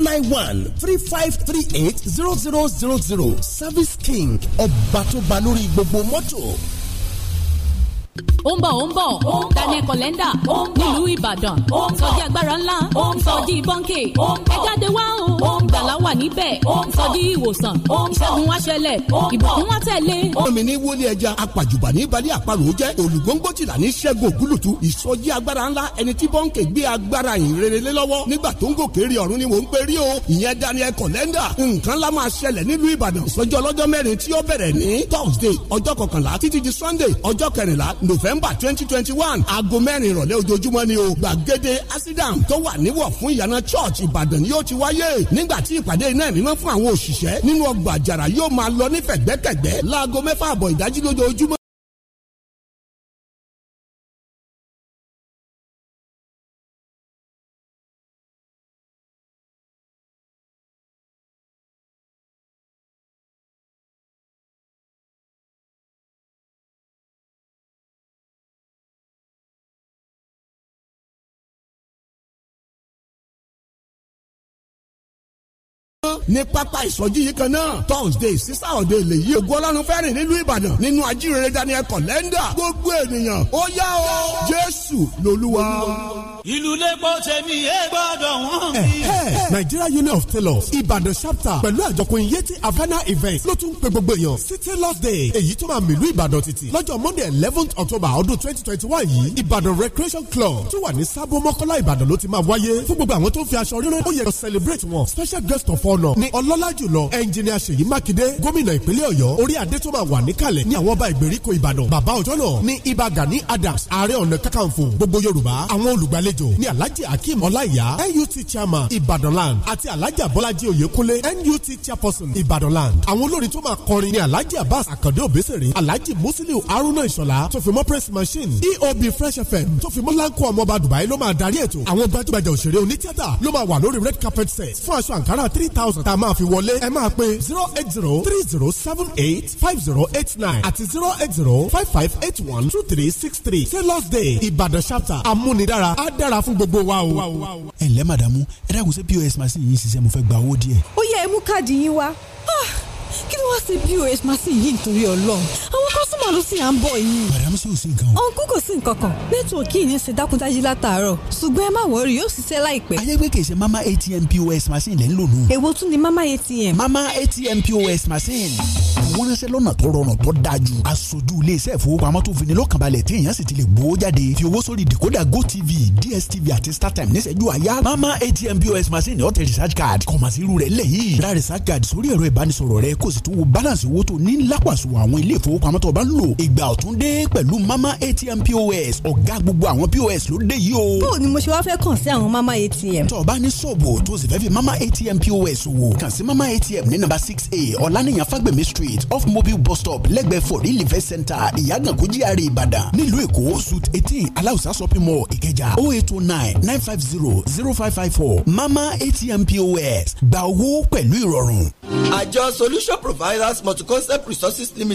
nine one three five three eight zero zero zero zero service king ọba tó ba lórí gbogbo mọ́tò ó ń bọ̀ ó ń bọ̀ Daniel Kolenda nílùú Ìbàdàn sọjí agbára ńlá sọjí bọ́ńkè ẹ jáde wá o gbàlá wà níbẹ̀ sọjí ìwòsàn ìṣẹ́gun wá ṣẹlẹ̀ ìbùkún wá tẹ̀lé. omi ní wọlé ẹja apàjùbà ní balẹ̀ àparò jẹ́ olùgbòǹgbò tìlà ní ṣẹ́gun ògúlùtù ìsọjí agbára ńlá ẹni tí bọ́ńkè gbé agbára yìn rere lé lọ́wọ́ nígbà tó ń gòkè rí ọ̀run ni mò ń pè rí o ìyẹn Daniel Kolenda nǹkan lá máa ṣẹlẹ̀ nílùú Ìbàdàn sọjí ọlọ́jọ́ mẹ́rin tí ó bẹ̀rẹ̀ ní Thursday ọjọ́ kọkànlá títí november twenty twenty one aago mẹ́rin ìrọ̀lẹ́ ojoojúmọ́ ni o gbàgede asidam tó wà níwọ̀ fún ìyànà church ìbàdàn yóò ti wáyé nígbà tí ìpàdé iná ìmímọ́ fún àwọn òṣìṣẹ́ nínú ọgbà àjàrà yóò máa lọ nífẹ̀gbẹ́kẹ̀gbẹ́ láago mẹ́fà àbọ̀ ìdájí lójoojúmọ́ ní pápá ìsọjí yìí kan náà thursday sísá òde lè yí ògo ọlọ́run fẹ́rìn nílùú ìbàdàn nínú ajírere daniel kọ̀lẹ́ndà gbogbo ènìyàn ó yá o jésù lolúwa. ìlú lẹ́kọ̀ọ́ tẹ̀mí ẹ gbọ́dọ̀ wọ́n mi. Eh, eh, eh. nigeria union of tailors ìbàdàn chapter pẹ̀lú àjọkùn yeti havana event ló tún pe gbogbo èèyàn city lost day èyí tó máa mìlú ìbàdàn títì lọ́jọ́ monday eleventh october ọdún twenty twenty one yìí ìbàdàn recreation club tó wà ní sábò mọ́kọ́lá ìbàdàn ló ti máa wáyé fún gbogbo àwọn tó ń fi aṣọ rírun ó yẹ kó celebrate wọn special guest of honour Ni ọlọ́lá jùlọ ẹnjìnìà ṣèyí mákindé gómìnà ìpínlẹ̀ ọ̀yọ́ orí adé tó máa wà níkàlẹ̀ ní àwọn ọba ìgbèríko ìbàdàn bàbá ọjọ́nà ní ibà gani adams ààrẹ ọ̀nà kakanfò gbogbo yorùbá àwọn olùgbàlejò ní alhaji akeem ọláìyá nut chairman ìbàdànland àti alhaji abọ́lájí oyèkúnlé nut chairperson ìbàdànland àwọn olórin tó máa kọrin ní alhaji abbas akande obesere alhaji musiliu haruna ìṣọ̀lá tó press machine eob fresh fm tó fi mọ́ lanko ọmọọba dubai ló máa darí ètò àwọn gbajúgbajà òṣèré onítìátà ló máa wà lórí red carpet set fún aṣọ àǹkárá three thousand tá a máa fi wọlé ẹ máa pe zero eight zero three zero seven eight five zero eight nine àti zero eight zero five five eight one two three six three Sailors Day Ìbàdàn chapter amúnidára á dára fún gbogbo wa o. ẹ ǹlẹ́ màdàmú ẹ dákun ṣé pọ́s machine yìí ṣiṣẹ́ mo fẹ́ gba owó díẹ̀. ó yẹ ẹ káàdì yín wá. Ah! kí ló wá ṣe pos machine yìí nítorí ọlọ́run àwọn kọ́sùmọ̀ ló sì à ń bọ̀ yìí. bàdàmú sì ò sí nǹkan o. ọ̀nkú kò sí nǹkan kan nẹ́tíwọ̀kì yìí ń ṣe dákúndájí látàárọ̀ ṣùgbọ́n ẹ má wọrí yóò ṣiṣẹ́ láìpẹ́. ayégbé kì í ṣe mama atm pos machine lẹ́ ń lò nù. èwo tún ni mama atm. mama atm pos machine wọ́n ránṣẹ́ lọ́nà tó rọrùn tó dájú. aṣojú iléeṣẹ́ ìfowópamọ́ tó fini lọ́kànbalẹ̀ tí èèyàn sì ti lè gbowó jáde. fi owó sórí decoder gotv dstv àti startime níṣẹ́jú àyà. mama atm pos machine ọ̀tẹ̀ research card kọ̀mọ̀sí irú rẹ̀ research card sórí ẹ̀rọ ìbánisọ̀rọ̀ rẹ kò wo balance owó tó ní lápàṣù àwọn ilé ìfowópamọ́ tó bá ń lò ìgbà ọ̀tun dé pẹ̀lú mama atm pos ọ̀gá gbogbo àwọn pos ló dé yìí o. bó o ni mo ṣe wá fẹ́ kàn sí àwọn mama atm. tó bá ní ṣọ́ọ̀bù tó sì fẹ́ fi mama atm pos wò kàn sí mama atm ní nàmbà six a ọ̀lànìyàn fagbemi street off mobile bus stop lẹ́gbẹ̀ẹ́ for real event center ìyàgànkú GRA e ìbàdàn nílùú èkó suit eighteen aláùsá shopping mall ìkẹjà o oh eight o oh nine nine five zero zero five five four mama atm pos gba owó pẹ̀lú ìrọ̀rùn. àjọ solution providers must concept resources limited